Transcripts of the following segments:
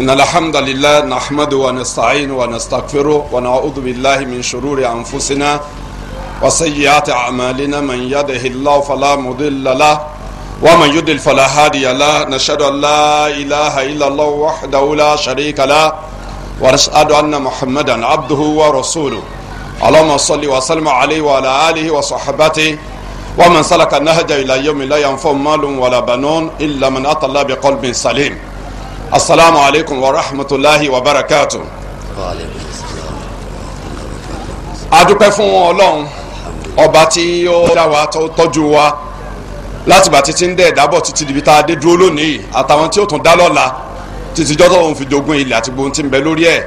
إن الحمد لله نحمده ونستعين ونستغفره ونعوذ بالله من شرور أنفسنا وسيئات أعمالنا من يده الله فلا مضل له ومن يضلل فلا هادي له نشهد أن لا إله إلا الله وحده لا شريك له ونشهد أن محمدا عبده ورسوله اللهم صل وسلم عليه وعلى آله وصحبته ومن سلك النهج إلى يوم لا ينفع مال ولا بنون إلا من أتى الله بقلب سليم asalaamu alaykum wa rahmatulahi wa barakatu. adúpẹ́ fún ọlọ́run ọba tí ó dá wa tọ́jú wa láti bá títí ń dẹ̀ dábọ̀ títí dibi tá a dé dúró lónìí àtàwọn tí ó tún dá lọ́la títí jọ́tọ̀ òun fi dogun ilẹ̀ àti gbóhùn tí ń bẹ lórí ẹ̀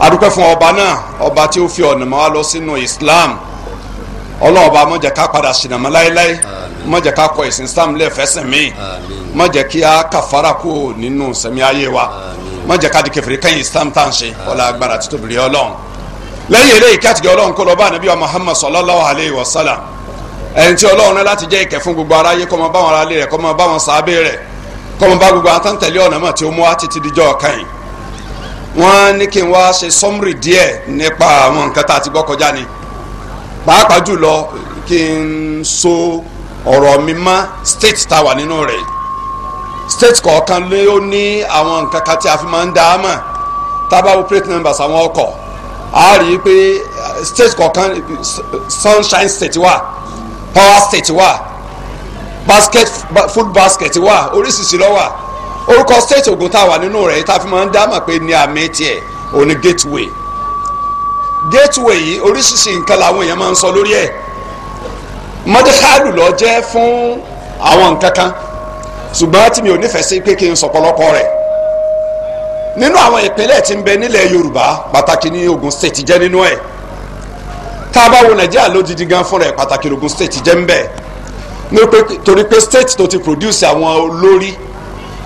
adúpẹ́ fún ọba náà ọba tí ó fi ọ̀nà wa lọ sínú Islam ọlọ́run ọba mọ̀jẹ̀ padà ṣìnà láéláé má jẹ́ ká kọ ẹ̀sìn islam lẹ́ẹ̀fẹ́sìn mi má jẹ́ kí a kàfàrà kó nínú sẹ́mi ayé wa má jẹ́ ká di kèfèrí kẹ́yìn islam tá ṣe ọlá agbára títóbi ọlọ́run lẹ́yìn eléyìí kẹ́tìgẹ́ ọlọ́run kó lọ bá ànábì wa muhammad sallallahu alayhi wa sallam ẹni tí ọlọ́run rán láti jẹ́ ìkẹ́ fún gbogbo aráyé kó máa bá wọn aráalé rẹ̀ kó máa bá wọn sábẹ́ rẹ̀ kó máa bá gbogbo àwọn tẹ̀lé ọ̀nà ọ̀rọ̀ mímọ́ state tower a wà nínú rẹ̀ state kọ̀ọ̀kan lé ó ní àwọn nǹkan kan tí a fi máa ń dá a mọ̀ tá plate numbers àwọn ọkọ̀ a rí i pé eh, state kọ̀ọ̀kan sunshine state wà power state wà basket food basket wà oríṣiríṣi ló wà orúkọ state Ògùn tá a wà nínú rẹ̀ tá a fi máa ń dá a mọ̀ pé ní àmì tiẹ̀ òní gateway gateway yìí oríṣiríṣi nǹkan làwọn èèyàn máa ń sọ lórí ẹ̀ mọ́dékálù lọ jẹ́ fún àwọn nǹkan kan ṣùgbọ́n tí mi ò nífẹ̀ẹ́ sí pé kí n sọ̀pọ̀lọpọ̀ rẹ̀ nínú àwọn ìpínlẹ̀ tí ń bẹ nílẹ̀ Yorùbá pàtàkì ní Ogun State jẹ́ nínú ẹ̀ tá a bá wo Nàìjíríà lódidi gan fúnra ẹ̀ pàtàkì Ogun State jẹ́ ń bẹ torí pé state tó ti produce àwọn olórí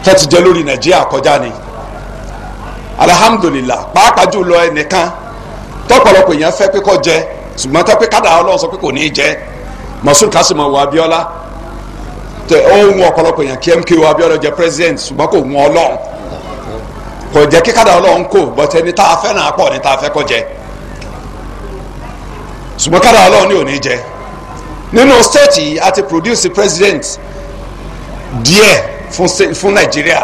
tó ti jẹ́ lórí Nàìjíríà kọjá ni alihamudulilah pàápàá jùlọ ẹnìkan tọ́pọ̀lọpọ̀ èèyàn fẹ́ pé kó jẹ ṣùgbọ́n tó pé kádàá Ọlọ́run sọ pé kò ní í jẹ masu Kasim wọ Abiola te o ń wọn ọ̀pọ̀lọpọ̀ èèyàn kí MKO Abiola jẹ president ṣùgbọ́n kò wọn Ọlọ́run kò jẹ́ kíkàdà Ọlọ́run kò bọ́tẹ́ ní tá a fẹ́ náà pọ̀ ní tá a fẹ́ kọ́ jẹ ni state a ti produce president die fun fún ninu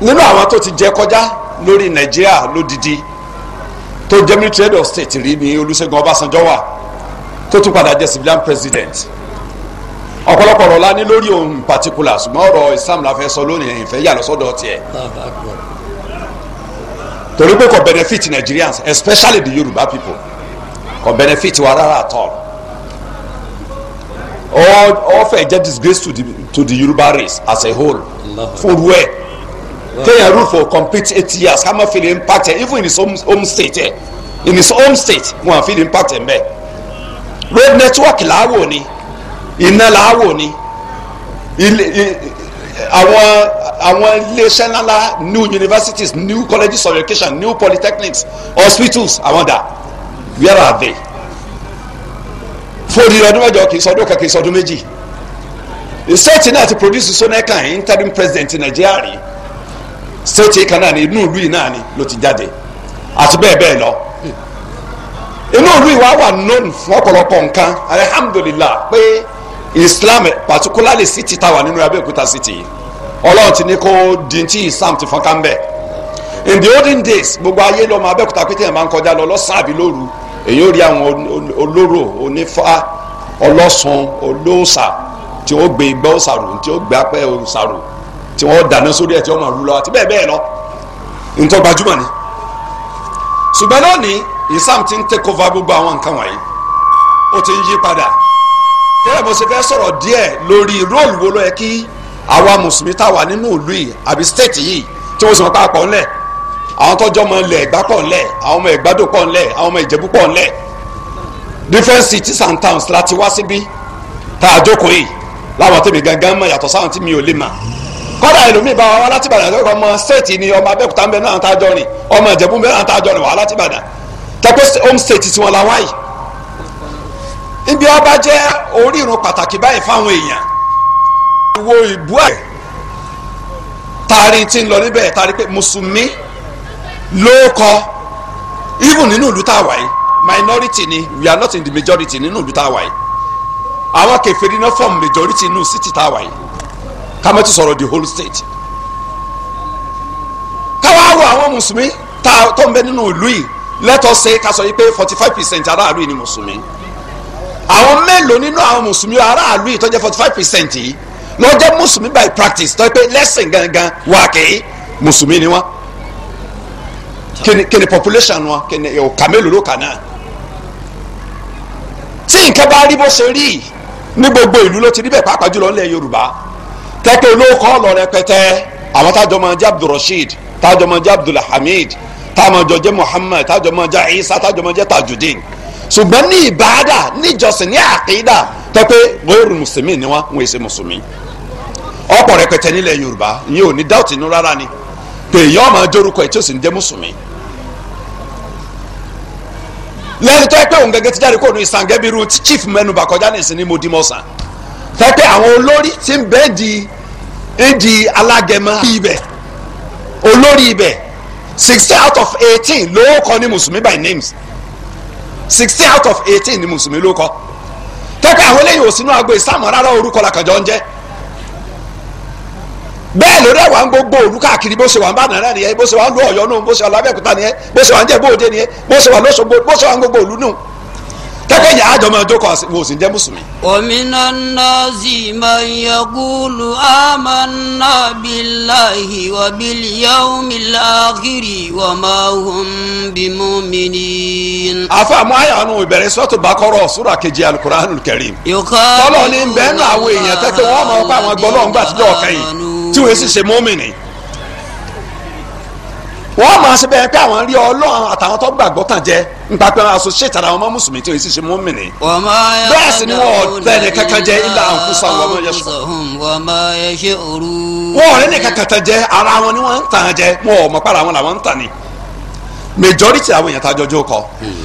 nínú àwọn tó ti je koja lori nigeria lódìdí to jẹ́ military head of state rí ni Olúṣẹ́gun Ọbásanjọ́ wà. tó tún padà jẹ́ civilian president ọ̀pọ̀lọpọ̀ ọ̀rọ̀ la ní lórí ohun particular ṣùgbọ́n ọ̀rọ̀ Islam la fẹ́ sọ lónìí ẹ̀yìn fẹ́ yà lọ́sọ́dọ̀ tiẹ̀ torí pé kò benefit Nigerians especially the Yoruba people kò benefit wa rárá at all all all fẹ́ jẹ́ disgrace to the to the Yoruba race as a whole fún wẹ́ẹ̀ kéèyàn rule for complete eight years kama feel fi even in his home home state Eh, in his home state wọn feel fi lè impact road network làáwò ni iná làáwò ni àwọn àwọn iléeṣẹ́ ńláńlá new universities new colleges of education new polytechnics hospitals àwọn dà where are they fóònù ọdún mẹ́jọ kì í sọdún kan kì í sọdún méjì state náà ti produce sonekan interim president nàìjíríà rí state kan náà ní inú ìlú yìí náà ni ló ti jáde àti bẹ́ẹ̀ bẹ́ẹ̀ lọ inú ìlú ìwà wà known fún ọ̀pọ̀lọpọ̀ nǹkan alihamudulilayi pé islam particularly city tá wà nínú abẹ́òkúta city ọlọ́run ti ní kó dín tí islam ti fọ́n ká ń bẹ̀ in the olden days gbogbo ayé lọ́mọ abẹ́òkúta pété ẹ̀ máa ń kọjá lọ lọ́sàbí lóru èyí ò rí àwọn olóró onífá ọlọ́sùn olóòsà tí wọ́n gbé igbá òsàrò tí wọ́n gbé apẹ́ òsàrò tí wọ́n dáná sórí ẹ̀ tí wọ́n máa rú lọ àti bẹ́ẹ̀ bẹ́ẹ̀ lọ nítorí gbajúmọ̀ ni ṣùgbọ́n lónìí islam ti ń take over gbogbo àwọn nǹkan wọ̀nyí ó ti ń yí padà tẹ́lẹ̀ mo ṣe fẹ́ sọ̀rọ̀ díẹ̀ lórí róòlù wo ló yẹ kí àwa mùsùlùmí tá a wà nínú ìlú yìí àbí stéètì yìí tí mo sì mọ̀ pàápọ̀ ńlẹ̀ àwọn tọ́jọ́ ọmọ ilẹ̀ ẹ̀gbá pọ̀ ńlẹ̀ àwọn ọmọ ẹ̀gbádò pọ̀ ńlẹ̀ àwọn ọmọ ìjẹ̀bú pọ̀ ńlẹ̀ different cities and towns láti wá síbí tá a jókòó yìí láwọn tèmi gangan mọ̀ yàtọ̀ sáwọn tí mi ò lè mà kọ́dà ẹlòmíì bá wa wá láti Ìbàdàn ọmọ stéètì ni ọmọ Abẹ́òkúta ń bẹ náà tá a jọ rìn ọmọ ìjẹ̀bú ń bẹ náà tá a jọ rìn wá láti Ìbàdàn tẹ́pẹ́ home state tiwọn làwọn yìí ibi ọba jẹ́ orírun pàtàkì báyìí fáwọn èèyàn ìwo ìbú ẹ̀ tari ti ń lọ níbẹ̀ tari pé mùsùlùmí ló kọ even nínú ìlú tá a wà minority ni we are not in the majority nínú ìlú tá a wà àwọn kèfèrí náà form majority nínú city tá a wà yìí sọ̀rọ̀ the whole state káwá wo àwọn mùsùlùmí tó ń bẹ nínú ìlú yìí let us say ká sọ yìí pé forty five percent aráàlú yìí ni mùsùlùmí àwọn mélòó nínú àwọn mùsùlùmí aráàlú yìí tó jẹ́ forty five percent yìí ló jẹ́ mùsùlùmí by practice tó yẹ pé lẹ́sìn gangan wà kí mùsùlùmí ni wọ́n kini kini population wọn kini ọ̀ka mélòó ló kà náà tí nǹkan bá rí bó ṣe rí ní gbogbo ìlú ló ti rí bẹ́ẹ̀ pàápàá jùlọ ńlẹ̀ yorùbá tẹ́kẹ́ olóòkọ́ lọ rẹpẹtẹ àwọn tájọ máa jẹ́ abdulrasheed tájọ máa jẹ́ abdulhamid táàmọ̀jọ jẹ́ Muhammad tájọmọ jẹ́ Isa tájọmọ jẹ́ Tajudeen ṣùgbọ́n ní ìbáadà níjọsìn ní àkídà tọ́pẹ́ wẹ́rù mùsùlùmí ni wọ́n wọ́n ṣe mùsùlùmí ọ̀pọ̀ rẹpẹtẹ nílẹ̀ Yorùbá ìyẹn ò ní dáùtì inú rárá ni pé èèyàn ọmọ ajórúkọ ẹ̀ tí sì ń jẹ́ mùsùlùmí lẹ́yìn tó yẹ pé òun gẹ́gẹ́ ti jáde kóònù ìsàngẹ́ bí irú chief mẹ́nubà kọjá ní ìsinmi modimosan tẹ́tẹ́ àwọn olórí ti ń bẹ́ẹ̀ sixteen out of eighteen ló kọ ní mùsùlùmí by names sixteen out of eighteen ní mùsùlùmí ló kọ tẹ́kọ̀ àwọn eléyìí ò sínú agbo ìsáàmù rárá orúkọ làkànjọ ń jẹ́ bẹ́ẹ̀ lórí ẹ̀wà ń gbogbo òru káàkiri bó ṣe wà ń bá nàrà nìyẹn bó ṣe wà ń lu ọ̀yọ́ nù bó ṣe wà lábẹ́òkúta nìyẹn bó ṣe wà ń jẹ́ bóde nìyẹn bó ṣe wà lóṣogbo bó ṣe wà ń gbogbo òlu nù tẹ́kọ̀ yà á jọ máa jókòó wò sí jẹ́ mùsùlùmí. òmìnira nọ́ọ̀sì máa ń yọkùlù àmàna bíláhì wà bílíọ̀nù mílíọ̀kìrì wà máa hùn bímú mìíní. àfàmù àyànú ìbẹ̀rẹ̀ sọ́tò bákọ́rọ̀ sùrà kejì alukur'anul karim. tọ́lọ́ ni bẹ́ẹ̀ nù àwọn èèyàn tẹ́kọ̀ wọ́n máa pa àwọn gbọ́lọ́ wọ́n máa ṣe bẹ́ẹ̀ pé àwọn rí ọlọ́run àtàwọn tó gbàgbọ́ tàn jẹ́ nípa pé wọn associate ara wọn mọ́ mùsùlùmí tí o sì ṣe mú mi ni. bẹ́ẹ̀ sì ni wọ́n tẹ́ ní kankan jẹ́ ilà àǹkúsà wọn mọ̀ yẹ sọ. wọ́n ọ̀rẹ́ ní kankan tán jẹ́ ara wọn ni wọ́n ń tàn jẹ́ wọn ò mọ̀ pé ara wọn làwọn ń tàn ni. majority àwọn èèyàn tájọ jó kọ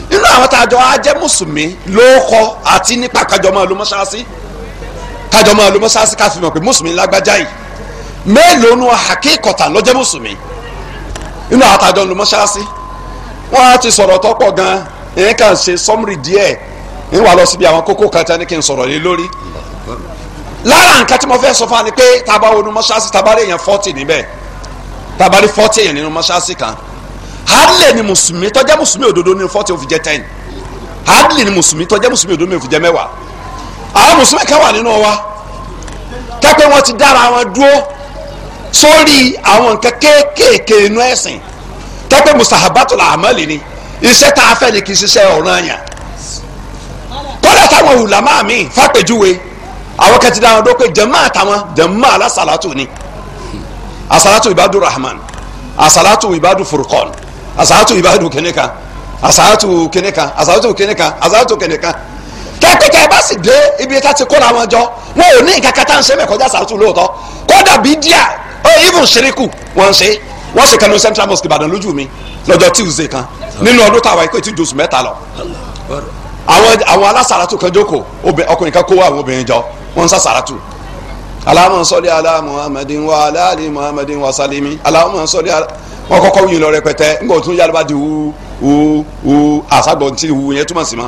nínú àwọn tájọ á jẹ́ mùsùlùmí ló kọ àti nípa kájọ máa lo mọ́ṣáláṣí kájọ máa lo mọ́ṣáláṣí ká fi mọ̀ pé mùsùlùmí lágbájá yìí mélòó nu àkíkọ̀tà ló jẹ́ mùsùlùmí nínú àtàjọ ló mọ́ṣáláṣí wọ́n á ti sọ̀rọ̀ tọ́pọ̀ gan ẹ̀ kàn ṣe sọ́mùrì díẹ̀ ń wà lọ síbi àwọn kókó kan tí a ní kí n sọ̀rọ̀ lé lórí lára nǹkan tí mo fẹ́ sọ fún wa ni pé taba wo ni mọ́ṣáláṣí taba rí èèyàn fọ́tì níbẹ̀ taba rí fọ́tì èèyàn nínú mọ́ṣáláṣí kan hardly ni mùsùlùmí tó jẹ́ mùsùlùmí òdodo ni fọ́tì ò jẹ́ ten hardly ni mùsùlùmí tó jẹ́ mùsùlùmí òdodo ni ò fi jẹ́ mẹ́wàá àwọn mùsùlùmí kan wà nínú wa tẹ́pẹ́ wọn ti dára wọn dúró sórí àwọn nǹkan kéékèèké inú ẹ̀sìn tọ́pẹ́ musahabatul amali ni iṣẹ́ tá a fẹ́ ni kì í ṣiṣẹ́ ọ̀ranyàn kọ́lá táwọn ulama mi fàpèjúwe àwọn kẹtì dáhùn dó pé jẹ̀mọ́ àtàwọn jẹ̀mọ́ alásàlátù ni asàlátù ibadu rahman asàlátù ibadu furqan asàlátù ibadu kẹnìkan asàlátù kẹnìkan asàlátù kẹnìkan asàlátù kẹnìkan kẹ́kẹ́kẹ́ bá sì dé ibi tá ti kó làwọn jọ wọn ò ní nǹkan kátà ń ṣe mẹ́kọ́jà asàlátù lóòótọ́ kódà bíi díà Oh, even shiriku wọ́n ṣe wọ́n ṣe kanu central mosque ìbàdàn lójú mi lọ́jọ́ tuesday kan nínú ọdún tàwa ikú ètò ìjọsìn mẹ́ta lọ àwọn àwọn alásàràtù kan jókòó ọkùnrin kan kó àwọn obìnrin jọ wọ́n ń aláwọn sọlẹ ala muhammadin wa alaali muhammadin wa salimi aláwọn sọlẹ wọn kọ́kọ́ yin lọ rẹpẹtẹ ngbọ tún yálùbá di wú wú wú wú yẹn túmọ̀ sí ma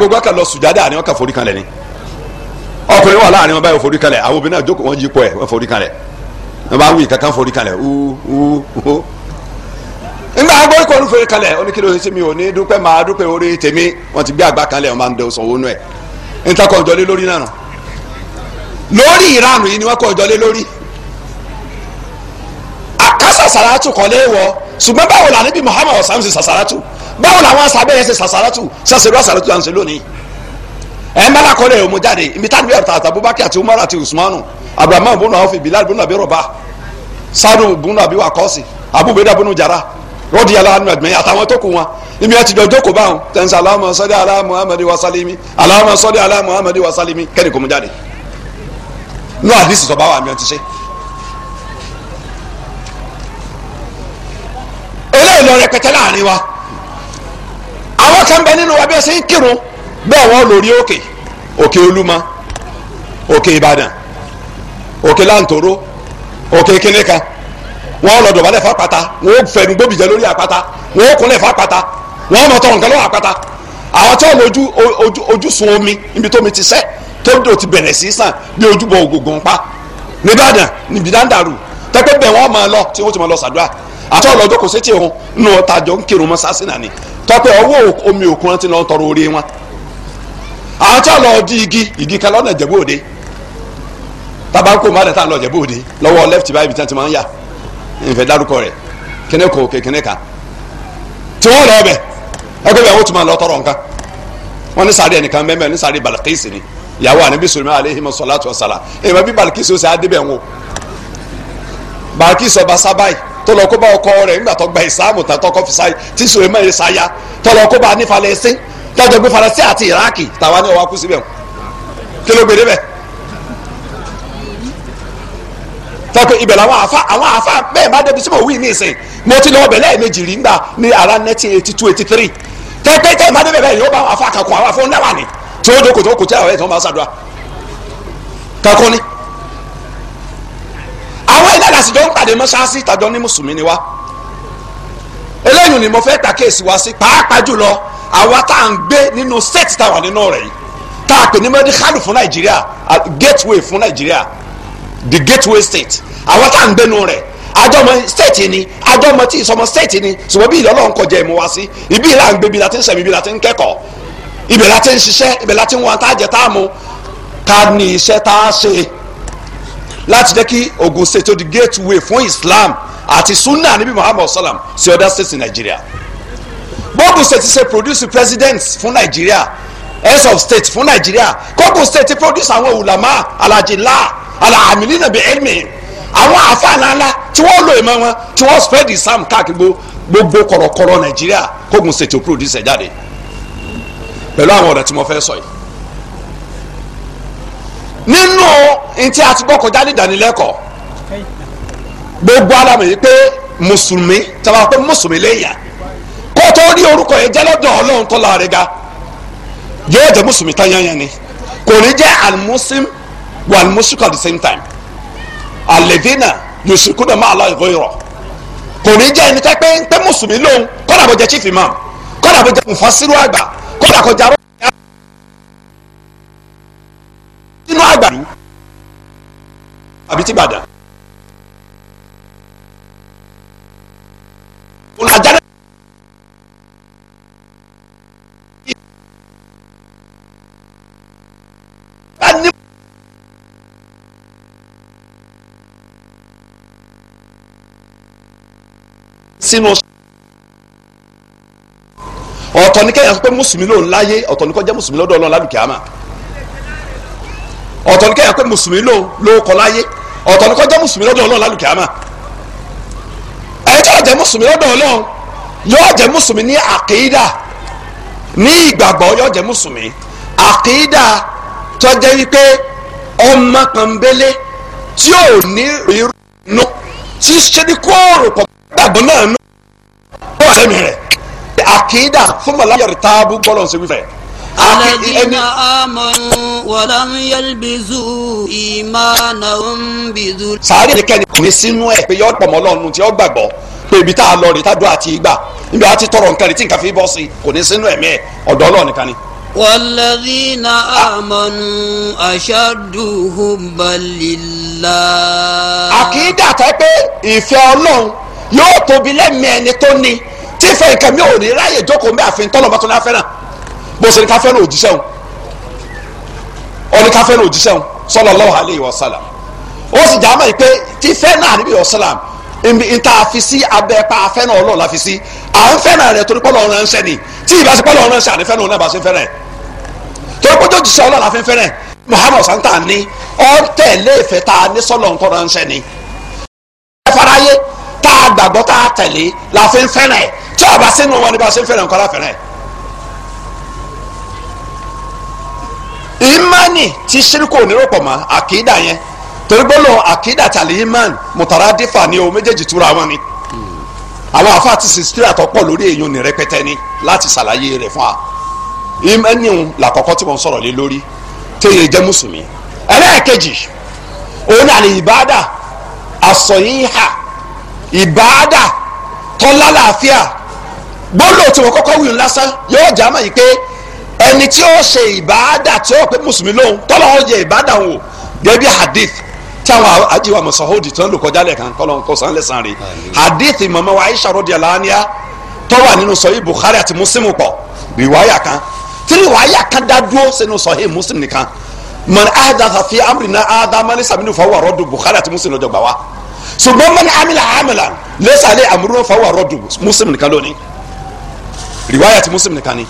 gbogbo akẹ́ lọ forí kan lẹ́ni. ọkùnrin wà láàrin wọn báyìí forí kalẹ̀ àwọn obìnrin náà jókòó wọn jí pọ̀ ẹ̀ wọn forí kalẹ̀ wọn bá wí kankan forí kalẹ̀ wú wú wú. nígbà agbóyè kò ní forí kalẹ̀ oníkìlọ̀ ṣe mi ò ní dúpẹ́ máa dúpẹ́ orí tèmi wọn ti gbé àgbà kalẹ̀ wọn máa ń dẹ sọ̀wọ́ nù ẹ̀ nítakọ̀ ìjọlé lórí náà lórí ìranù yìí ni wọ́n kọ̀ ìjọlé lórí àkásà sàràtù kọ́ lé wọ ṣùgbọ́n báwo ẹ ń bá lakọ́lẹ̀ ọmọ jáde ibi tá a ti bí àtàtà Abubakar àti Umar àti Usmanu Abrahamu bunu awofi Bilal bunu abi rọba Sadu bunu abi wakọ́si abubeda bunu jara rọ́ọ̀dì yàrá ànú àgbẹ̀yìn àtàwọn tó kù wọn ibi ẹ ti jọ jókòó báwọn tẹ̀sán Allahumma salli ala Muhammad wa salimi Allahumma salli ala Muhammad wa salimi kẹ́ni kò mú jáde nú àdìsí sọ báwa àmì ọtí ṣe. eléyìí lọ rẹpẹtẹ láàrin wa àwọn kan bẹ nínú wa bí ẹ ṣe ń kírun bẹ́ẹ̀ wọ́n lórí òkè òkè olúmọ òkè ìbàdàn òkè lantoro òkè kínníkan wọ́n lọ dọ̀bálẹ̀ fápáta wọ́n fẹnu gbóbìjẹ lórí apata wọ́n kúnlẹ̀ fápáta wọ́n mọ nǹkan lọ́wọ́ àpáta àwọn tí wọ́n ojú ojú ojú omi níbi tómi ti sẹ́ tó dò ti bẹ̀rẹ̀ sí sàn bí ojúbọ ògògùn pa nìbàdàn níbi dáńdàrú tẹ́pẹ́ bẹ̀ wọ́n máa lọ tí wọ́n ti máa lọ sàdúrà àtọ́ lọ́jọ́ kò sétí òun nù ọ̀tàjọ́ ń kírun mọ́ sásìnà ni tọ́pẹ́ ọwọ́ omi òkun ti lọ́ tọrọ orí wọn àwọn tí a lọ di igi igi kan lọ́nà ìjẹ̀bú òde tabako má lè lọ ìjẹ̀bú òde lọ́wọ́ left báyìí tí ti máa ń yà nfẹ̀ dárúkọ rẹ̀ kíní kò òkè kan tí wọ́n lọ ọbẹ̀ ẹgbẹ́ bẹ́ẹ̀ wọ́n ti máa lọ tọrọ nǹkan wọ́n ní sáré ni ìyàwó ànábì sọ̀rọ̀ aleyhi ma sọ̀lá tó sàlà èyí ma bí Balqis ọ̀sẹ̀ adébẹ̀ wọn Balqis ọba kó gba ìsáàmù fi sáyé tí mẹ́rin sáyà dájọ́ pé Faransé àti Iraki tàwa ni ọwọ́ kú síbẹ̀ kí ló gbé débẹ̀ tọ́kọ ibẹ̀ làwọn àfa àwọn àfa bẹ́ẹ̀ bá débi sí mo ní ìsìn mo ti lọ ọbẹ̀ lẹ́ẹ̀mejì rí ngbà ní ara nineteen eighty two eighty three tẹ́tẹ́ tẹ́ ìbá débẹ̀ bẹ́ẹ̀ yóò bá àwọn àfa kankan àwọn afọ ńlẹ́wà ni tí ó dókòtò kò tí àwọn ẹ̀ tí wọ́n máa ṣàdúrà kankan ni. àwọn ilé àdàsíjọ́ ń pàdé mọ́ṣáláṣí ìtàjọ́ ní mùsùlùmí ni wá eléyìí ni mo fẹ́ tàkíyèsí wá sí pàápàá jùlọ àwa tá à ń gbé nínú state tá a wà nínú rẹ̀ yìí tá a pè ní mẹ́díkàlù fún nàìjíríà gateway fún nàìjíríà the gateway state àwa tá à ń gbé nínú rẹ̀ àjọmọ state ni àjọmọ tí ìsọmọ state ni ṣùgbọ́n bí ìlọ́lọ́ ń kọjá ìmú wa sí ibi ìlà ń gbé ibi la ti ń sẹ̀mí ibi la ti ń kẹ́kọ̀ọ́ ibẹ̀ la ti ń ṣiṣẹ́ ibẹ̀ la ń wọn tá a jẹ tá a mu ká ní iṣẹ́ tá a ṣe láti jẹ́ kí Ogun State ó gateway fún Islam àti sunnah níbi Muhammadu sallam sí other states in Nigeria bọ́ọ̀gùn state ṣe produce president fún nàìjíríà heads of state fún nàìjíríà kọ́ọ̀gùn state produce àwọn ulama alajila alahamili nàbí elmi àwọn àfa ńláńlá tí wọ́n lo ìmọ̀ wọn tí wọ́n spread islam káàkiri gbogbo kọ̀rọ̀kọ̀rọ̀ nàìjíríà kọ́ọ̀gùn state ò produce ẹ̀ jáde pẹ̀lú àwọn ọ̀rẹ́ tí mo fẹ́ sọ yìí nínú ntí a ti gbọ́ kọjá ní ìdánilẹ́kọ̀ọ́ gbogbo alamọ̀ yìí pé mùsùlùmí tí a pé mùsùlùmí lẹ́yìn kó tó rí orúkọ yẹn jẹ́ lọ́dọ̀ ọlọ́run tó la rẹ̀ ga yóò jẹ́ mùsùlùmí tán yányán ni kò ní jẹ́ alimusim wa alimusiku at the same time alevina yosukuna ma ala ìgò ìrọ̀ kò ní jẹ́ ẹni pẹ́ pé mùsùlùmí lòun kọ́nà àbọ̀jẹ́ chief imam kọ́nà àbọ̀jẹ́ mufasiru àgbà kọ́nà àkọjá rọ́ nínú àgbà rú àbí tí bàdàn. sínú. ọ̀tọ̀ ni kẹ́yìn sọ pé mùsùlùmí lòun láyé ọ̀tọ̀ ni kọ́ jẹ́ mùsùlùmí lọ́dọ̀ ọlọ́run lálùkì àmà ọ̀tọ̀ ni kẹ́yìn sọ pé mùsùlùmí lòun ló kọ́ láyé ọ̀tọ̀ ni kọ́ jẹ́ mùsùlùmí lọ́dọ̀ ọlọ́run lálùkì àmà ẹ̀yẹ́ tí yóò jẹ́ mùsùlùmí lọ́dọ̀ ọlọ́run yóò jẹ́ mùsùlùmí ní àkídà ní ìgbàgbọ́ yóò jẹ́ mùsùlùmí àkídà tó jẹ́ wípé ọmọ pọ̀nbélé tí ò ní sẹ́mi rẹ̀ àkìdá fúnmọ̀lá yẹrì táàbù gbọ́dọ̀ ṣe wífẹ̀. alladhina amanu walam yalbizu imanahum bizul. sàárè ni kẹ́ni kò ní sínú ẹ̀ pé yọ pọ̀mọ́ lọ́nu tí ó gbàgbọ́ pé ibi tá a lọ rè tá a dùn àti gbà níbi àti tọrọ nǹkan rè tí nǹkan fi bọ́ sí kò ní sínú ẹ̀mí ẹ̀ ọ̀dọ́ Ọlọ́run nìkan ni. والذين آمنوا أشد حبا àkìdá tẹ́ pé ìfẹ́ Ọlọ́run yóò tóbi lẹ́mìí ẹni tó ní tí ìfẹ́ nǹkan mi ò ní ráyè jókòó mbẹ́ àfin tọ́lọ̀ bàtún náà fẹ́ràn bó ṣe ní ká fẹ́ràn òjíṣẹ́ òun ó ní ká fẹ́ràn òjíṣẹ́ òun sallallahu alaihi wasallam ó sì já mọ́ ẹ pé tí ìfẹ́ náà níbi ọ̀sálàm nta àfi sí abẹ́ pa afẹ́ràn ọlọ́ọ̀la fi sí à ń fẹ́ràn rẹ̀ torí pọ́lọ́ ọ̀ràn ṣẹ́ ni tí ìbá ṣe pọ́lọ́ ọ̀ràn ṣẹ́ àní fẹ́ràn òun náà bá ṣe fẹ́ràn torí pọ́jọ́ òjíṣẹ́ ọlọ́ọ̀la fi fẹ́ràn Muhammad santa ni ọ tẹ̀lé ìfẹ́ ta ní sọ́lọ̀ ni. ẹ fara yé tá a gbàgbọ́ tá a tẹ̀lé la fi ń fẹ́ràn ẹ̀ tí a bá sínú wọn ni bá a ṣe ń fẹ́ràn nǹkan láfẹ́rẹ́ imani ti ṣírkù onírọ̀pọ̀ mọ́ àkìdá yẹn torí gbọ́dọ̀ àkìdá tàlí imani mùtàràdífà ni o méjèèjì túra wọn ni àwọn afa ti sèstira tó pọ̀ lórí èèyàn ní rẹpẹtẹ ni láti ṣàlàyé rẹ̀ fún wa imani ń làkọ́kọ́ tí mo ń sọ̀rọ̀ lé lórí téye jẹ́ mùsùlùmí ẹlẹ́ẹ̀kejì òun ni àlè ìbáàdà àsọyìn ìhà ìbáàdà tọ́lá làáfíà gbólóò tí wọ́n kọ́kọ́ wí lásán yóò já mọ̀ yìí pé ẹni tí ó ṣe ìbáàdà tí ó pé mùsùlùmí lóhùn tọ́lọ́ ó yẹ ìbáàdà wò gẹ́gẹ́ bí hadith tí àwọn ajíwà mọ̀sáhódì tí wọ́n lò kọjá lẹ́ẹ̀kan kọ́lọ́ kó san lẹ́sàn rẹ̀ hadith mọ̀mọ́ wa Aisha radiyallahu anha tó wà nínú sọ̀hí Bukhari àti Muslim pọ̀ rìwáyà kan tí rìwáyà kan dá dúró sínú sọ̀hí Muslim nìkan man ahdatha fi amrina adama laysa minhu fahuwa radd Bukhari àti Muslim lọ́jọ́ gbà wá ṣùgbọ́n man amila amalan laysa alayhi amruna fahuwa radd Muslim nìkan lónìí rìwáyà ti muslim nìkan ni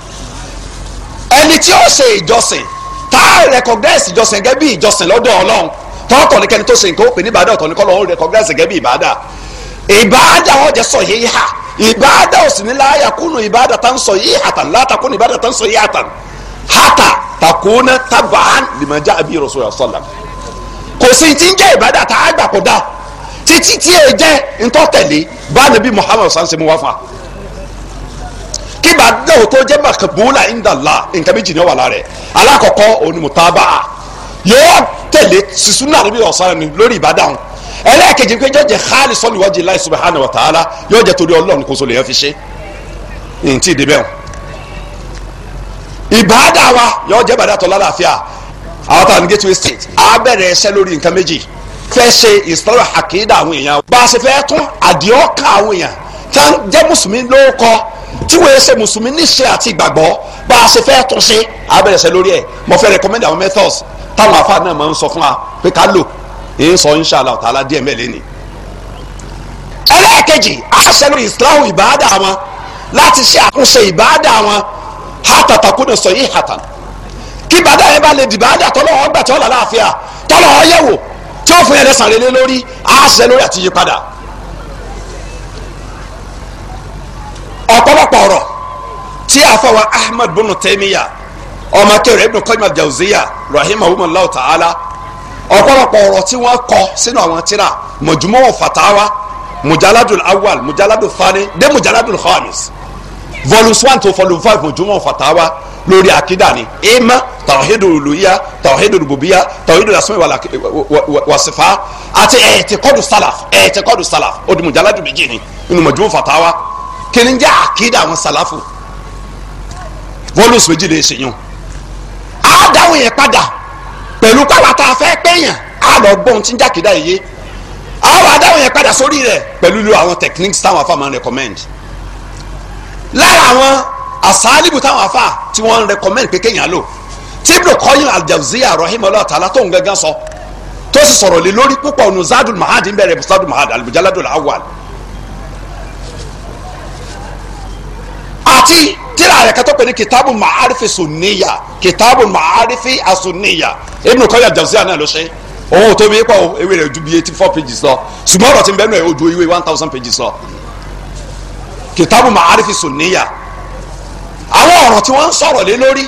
ẹni tí ó ṣe ìjọsìn tá a recognize ìjọsìn gẹ́gẹ́ bí ìjọsìn lọ́dọ̀ ọlọ́run tọ́kọ̀ ní kẹ́ni tó ṣe nǹkan ó pè ní ìbádà ọ̀tọ̀ ní kọ́lọ́ ó recognize gẹ́gẹ́ bí ìbádà ìbádà wọn jẹ́ sọ yìí ha ìbádà ò sì ní láàyà kúnnù ìbádà tá ń sọ yìí hàtà láta kúnnù ìbádà tá ń sọ yìí hàtà hàtà takùnà tabaan lìmọ̀já àbí rasulullah sallam kò sí ti ń jẹ́ ìbádà tá a gbà kó dá títí tí èè jẹ́ kí ìbàdàn ò tó jẹ́ makabula indala nǹkan méjì ni ó wà lára rẹ̀ alákọ̀ọ́kọ́ onímọ̀taba yóò tẹ̀lé sísúnà níbi ọ̀sán ni lórí ìbàdàn ẹlẹ́ẹ̀kejì pé yóò jẹ́ xaali sọ́niwájú láì subahana wa ta'ala yóò jẹ́ torí ọlọ́run kó so lè yẹn fi ṣe ntí ìdí bẹ́ẹ̀ ìbàdàn wa yóò jẹ́ ìbàdàn tó lálàáfíà àwọn táwọn ní gateway state á bẹ̀rẹ̀ ẹsẹ̀ lórí nǹkan méjì fẹ́ ṣe ìsọ̀rọ̀ àkídà àwọn èèyàn bá a ṣe fẹ́ tún àdìọ́kà àwọn èèyàn tá jẹ́ mùsùlùmí lóko tí wọ́n ṣe mùsùlùmí níṣe àti ìgbàgbọ́ bá a ṣe fẹ́ tún ṣe abẹ́rẹ́ ṣe lórí ẹ̀ mo fẹ́ recommend àwọn methods táwọn afa náà máa ń sọ fún wa pé ká lò èyí sọ inṣàlá ọ̀tàlá díẹ̀ mẹ́lẹ́ ni. ẹlẹ́ẹ̀kejì àṣẹ lórí islahu ìbáàdà wọn láti ṣe àkúnṣe ìbáàdà wọn hàtàtàkùnà sọ yìí hàtàn kí bàdá yẹn bá lè dìbàdà tọ́lọ́wọ́ gbà tí wọ́n lálàáfíà tọ́lọ́wọ́ yẹ̀wò tí wọ́n fún yẹn lẹ́sàn-án lé lórí àṣẹ lórí àti yípadà ọ̀pọ̀lọpọ̀ ọ̀rọ̀ tí àfọwọ́ ahmed bunu tẹ́míyà ọmọ akẹ́rẹ́ ibn qayyim al-jawziya rahimahumullah ta'ala ọ̀pọ̀lọpọ̀ ọ̀rọ̀ tí wọ́n kọ sínú àwọn tírà mọ̀júmọ́ fatawa mujaladul awal mujaladul fani de mujaladul khamis volumes one to volume five mọ̀júmọ́ fatawa lórí akida ni ima tawhidul luya tawhidul bubiya tawhidul asmi wasifa àti ẹ̀ẹ́tẹ̀kọ́dù salaf ẹ̀ẹ́tẹ̀kọ́dù salaf ó di mujaladul méjì ni inú mọ̀júmọ́ fatawa kíni jẹ́ àkídà àwọn sàláfù volumes méjì lè ṣèyàn á dáhùn yẹn padà pẹ̀lú pàwọn tá a fẹ́ pẹ́yàn á lọ gbọ́n tí ń jàkídà yìí yé á wà dáhùn yẹn padà sórí rẹ̀ pẹ̀lú lo àwọn techniques táwọn afa máa ń recommend lára àwọn àsáálìbù táwọn afa tí wọ́n ń recommend pé kéèyàn lò tí Ibn Qayyim al-Jawziyya rahimahullah ta'ala tó ń gángan sọ tó sì sọ̀rọ̀ lé lórí púpọ̀ nù Zadul Ma'ad ń bẹ̀rẹ̀ Zadul Ma'ad al-Mujalladul àti tíra rẹ̀ kátó pé ní kìtàbù ma'arifi sunniya kìtàbù ma'arifi asunniya Ibn Qayyim Jawziyya náà ló ṣe òun ò tó mi pọ̀ o ewé rẹ̀ ju bí eighty four pages lọ ṣùgbọ́n ọ̀rọ̀ tí ń bẹ́ẹ̀ náà ojú ìwé one thousand pages lọ kìtàbù ma'arifi sunniya àwọn ọ̀rọ̀ tí wọ́n ń sọ̀rọ̀ lé lórí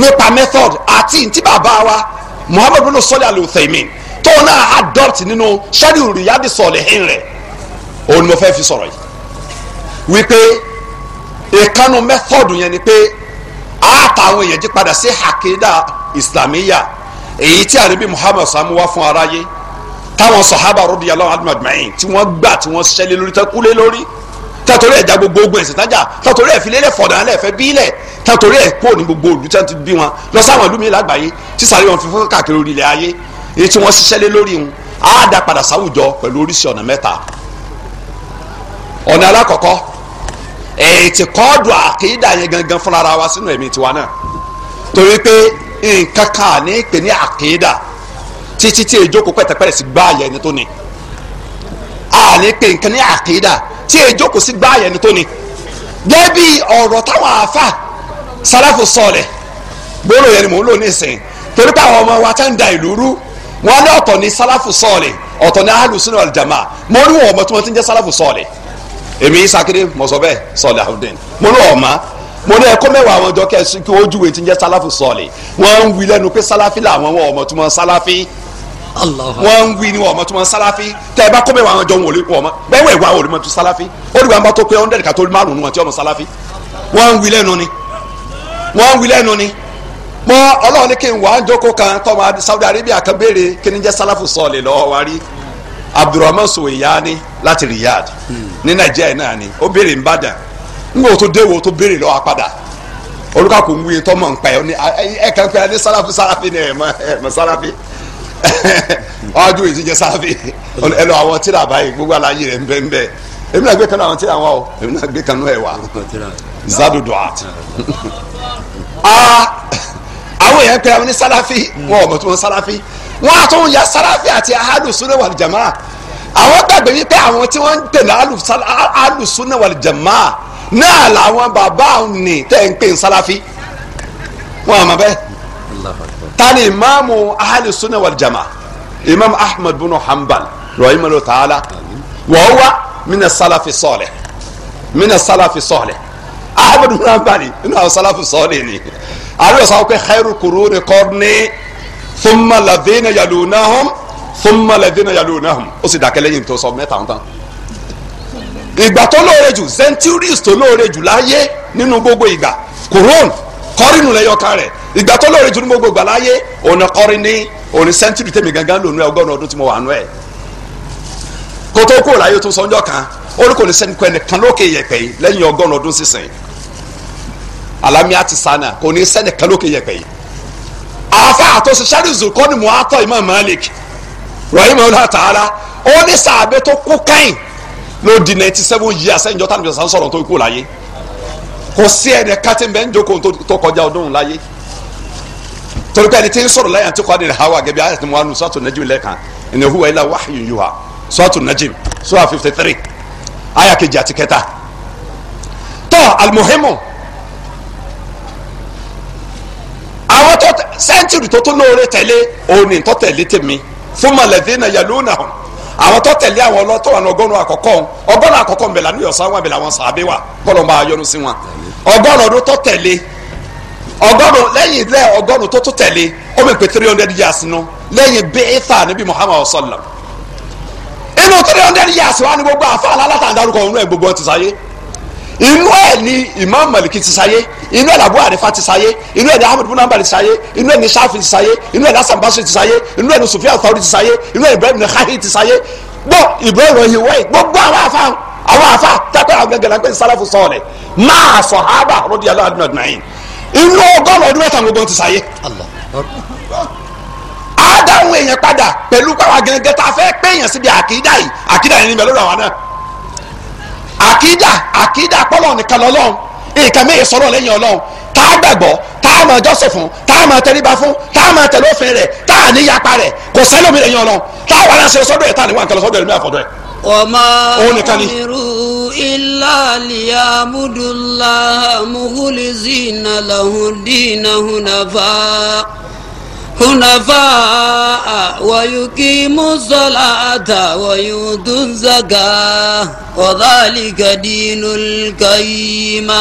nípa method àti ntí bàbá wa Muhammadu bin sọ́lá al-Uthaymin tóun náà adult nínú sẹ́dí Riyadis Salihin rẹ̀ òun ni mo fẹ́ fi sọ̀rọ̀ yìí wípé ìkànnù mẹ́tọ́ọ̀dù yẹn ni pé àtàwọn èèyàn jí padà sí hakida islamiya èyí tí ànábì muhammad sàmú wá fún aráyé táwọn sahaba radiyallahu anhum ajma'in tí wọ́n gbà tí wọ́n ṣẹlẹ̀ lórí tẹ́ kúlé lórí tàtòrí ẹ̀ já gbogbo ogun ẹ̀sìn tájà tàtòrí ẹ̀ filẹ̀ fọ̀dà ẹ̀ fẹ́ bílẹ̀ tàtòrí ẹ̀ kó ní gbogbo olú tí wọ́n ti bí wọn lọ sáwọn ìlú mi lágbàáyé tí sàrí wọn fi fún káàkiri orí ilẹ̀ ayé èyí tí wọ́n ṣiṣẹ́ lé lórí wọn á dá padà sáwùjọ pẹ̀lú oríṣi ọ̀nà mẹ́ta ọ̀nà alákọ̀ọ́kọ́ ètò kọ́ọ̀dù àkìdá yẹn gangan fúnra ara wa sínú ẹ̀mí tiwa náà torí pé nǹkan kan ní ìpè ní àkìdá títí tí èjókòó pẹ̀tẹ̀pẹ̀rẹ̀ sí gbá àyẹ̀ ẹni tó ni àní pé nǹkan ní àkìdá tí èjókòó sí gbá àyẹ̀ ẹni tó ni gẹ́bí ọ̀rọ̀ táwọn àáfà sálàfù sọ̀lẹ̀ gbóló yẹn ni mò ń lò nísìnyí torí pé àwọn ọmọ wa tá ń da ìlú rú wọn ní ọ̀tọ̀ ní sálàfù sọ̀lẹ̀ ọ̀tọ̀ ní ahlùsùn wal mọ́ ní ọmọ tí wọ́n ti ń jẹ́ sálàfù sọ̀lẹ̀ èmi sakiri mọ̀sọ́bẹ̀ sọ̀lẹ̀ àfọ̀dẹ́n mo lọ ọ̀ma mo ní ẹ̀kọ́ mẹ́wàá àwọn ọjọ́ kẹ́sì kí ojú ìwé ti ń jẹ́ sálàfù sọ̀lẹ̀ wọ́n ń wí lẹ́nu pé sálàfì làwọn ọmọ tó mọ sálàfì wọ́n ń wí ni wọn ọmọ tó mọ sálàfì tẹ́ ẹ bá kọ́ mẹ́wàá àwọn ọjọ́ wọlé wọn ọmọ bẹ́ẹ̀ wẹ̀ wá wọn ọmọ tó sálàfì ó dìgbà ń bá tó pé hundred kàtó márùn wọn tí ọmọ sálàfì wọ́n ń wí lẹ́nu Saudi Arabia kan béèrè kí ni jẹ́ sálàfù sọ̀lẹ̀ abdulrahman soweyani láti Riyadh hmm. ní nàìjíríà náà ni ó béèrè nbàdàn ngbà tó déwò tó béèrè lọ́wọ́ padà olùkàkùn ń wuye tọ́mọ̀ ń pa ẹ̀ ní ẹ̀ kàn pé ní sálàfí sálàfí ni ẹ̀ mọ̀ sálàfí ọjọ́ ìdíje sálàfí ẹ lọ àwọn tíra báyìí gbogbo àlàyé rẹ̀ ńbẹ́ ńbẹ́ èmi náà gbé kanú àwọn tíra wọn o èmi náà gbé kanú ẹ̀ wá zadu duat ah, àwọn èèyàn pé àwọn ní sálàfí wọn ò mọ̀ tó wọn sálàfí wọ́n á tún ya sàláfì àti alùsùnà wàlìjàmá àwọn gbàgbé wípé àwọn tí wọ́n ń tẹ̀lé alùsùnà wàlìjàmá náà làwọn bàbá òun ní tẹ̀ ń pè ń sàláfì wọn àmọ́ bẹ́ẹ̀ ta ni imaamu alùsùnà wàlìjàmá imaamu ahmed bin hanbal rahimahullahu ta'ala wa huwa mina sàláfì salih mina sàláfì salih ahmed bin hanbal nínú àwọn sàláfì salih ni àlùsùnà wàlìjàmá khairu kuruni qarni thumma ladhina yalunahum thumma ladhina yalunahum ó sì dákẹ́ lẹ́yìn tó sọ mẹ́ta ń tán ìgbà tó lóore jù centuries tó lóore jù láyé nínú gbogbo ìgbà koron kọrinu lẹyọkan rẹ ìgbà tó lóore jù nínú gbogbo ìgbà láyé òní kọrin ní òní century tèmi gangan lónú ẹ ọgọ́rùn ọdún tí mo wà nù ẹ kótó kó láyé tó sọ ọjọ́ kan orúkọ ní sẹni kan lókè àfa àtọ́sí sáré kọ́ ni muhatọ́ imam malik rahimahullah ta'ala ó ní sàbẹ tó kú káyìn ló di ninety seven years ẹnjọ tani bìtẹ̀ sàn sọ̀rọ̀ tó kú láyé kò sí ẹni kátí bẹ́ẹ̀ ń jókòó tó kọjá ọdún láyé torí pé ẹni tí ń sọ̀rọ̀ láyé àti kọ́ adìrẹ hawa gẹ́gẹ́ bí ayé tí mo wà nù sọ́ọ̀tù najim lẹ́ẹ̀kan ẹni huwa illa wahyun yuha sọ́ọ̀tù najim sọ́ọ̀ fifty three ayé kejì àti kẹta tọ́ alimuhimu àwọn tó sẹ́ńtìrì tó tún lóore tẹ̀lé òun ni tó tẹ̀lé tèmi fún malẹ̀dé náà yẹlò náà àwọn tó tẹ̀lé àwọn ọlọ́tọ̀ wà ní ọgọ́rùn-ún àkọ́kọ́ ọgọ́rùn-ún àkọ́kọ́ ń bẹ lánàá yọ̀sán wọn bẹ̀rẹ̀ àwọn sàábé wa kọ́lọ́ máa yọnu sí wọn ọgọ́rùn ọdún tó tẹ̀lé ọgọ́rùn lẹ́yìn ilé ọgọ́rùn-ún tó tẹ̀lé ó mi pè three hundred years nù lẹ́yìn bẹ́ẹ̀fà níbi Muhammad sallam inú three hundred years wa ni gbogbo àfa alálàtà àdárúkọ ọ̀run ẹ̀ gbogbo ọ̀ sáyé inú ẹ̀ ni Imam Maliki ti sáyé inú ẹ̀ làbú àrífà ti sáyé inú ẹ̀ ni Ahmed bin Hanbal ti sáyé inú ẹ̀ ni Shafi ti sáyé inú ẹ̀ ni Hasan Basri ti sáyé inú ẹ̀ ni Sufyan Thawri ti sáyé inú ẹ̀ ni Ibrahim Nakhai ti sáyé gbọ́ Ibrahim Rahiwayi gbogbo àwọn afa àwọn afa tẹ́tọ́ àwọn gẹ́gẹ́ lápẹ́ sálàfù sọ̀rọ̀ máa sahaba radiyallahu anhum ajma'in inú ọgọ́rùn ọdún mẹ́ta gbogbo ti sáyé. àádáhùn èèyàn padà pẹ̀lú pàwọn gẹ́gẹ́ tá a fẹ́ pé èèyàn síbi àkídà yìí àkídà yìí ni mẹ́lọ́dọ̀ àwọn náà àkídà àkídà pọ́lọ̀ nìkan lọ́lọ́run nǹkan mìíràn sọ̀rọ̀ lẹ́yìn ọlọ́run tá a gbàgbọ́ tá a máa jọ́sìn fún tá a máa tẹríba fún tá a máa tẹ̀lé òfin rẹ̀ tá a níyapa rẹ̀ kò sẹ́lómi lẹ́yìn ọlọ́run tá a wà láṣẹ sọ́dọ̀ ẹ̀ tá a níwà nǹkan lọ́sọ́dọ̀ ẹ̀ ní àfọ̀dọ̀ ẹ̀ wàmà umiru ilà liyamudulayi muhulizi nàlàhùn dínà hùnàfà. حنفاء ويقيم الصلاة ويؤت الزكاة وذلك دين القيمة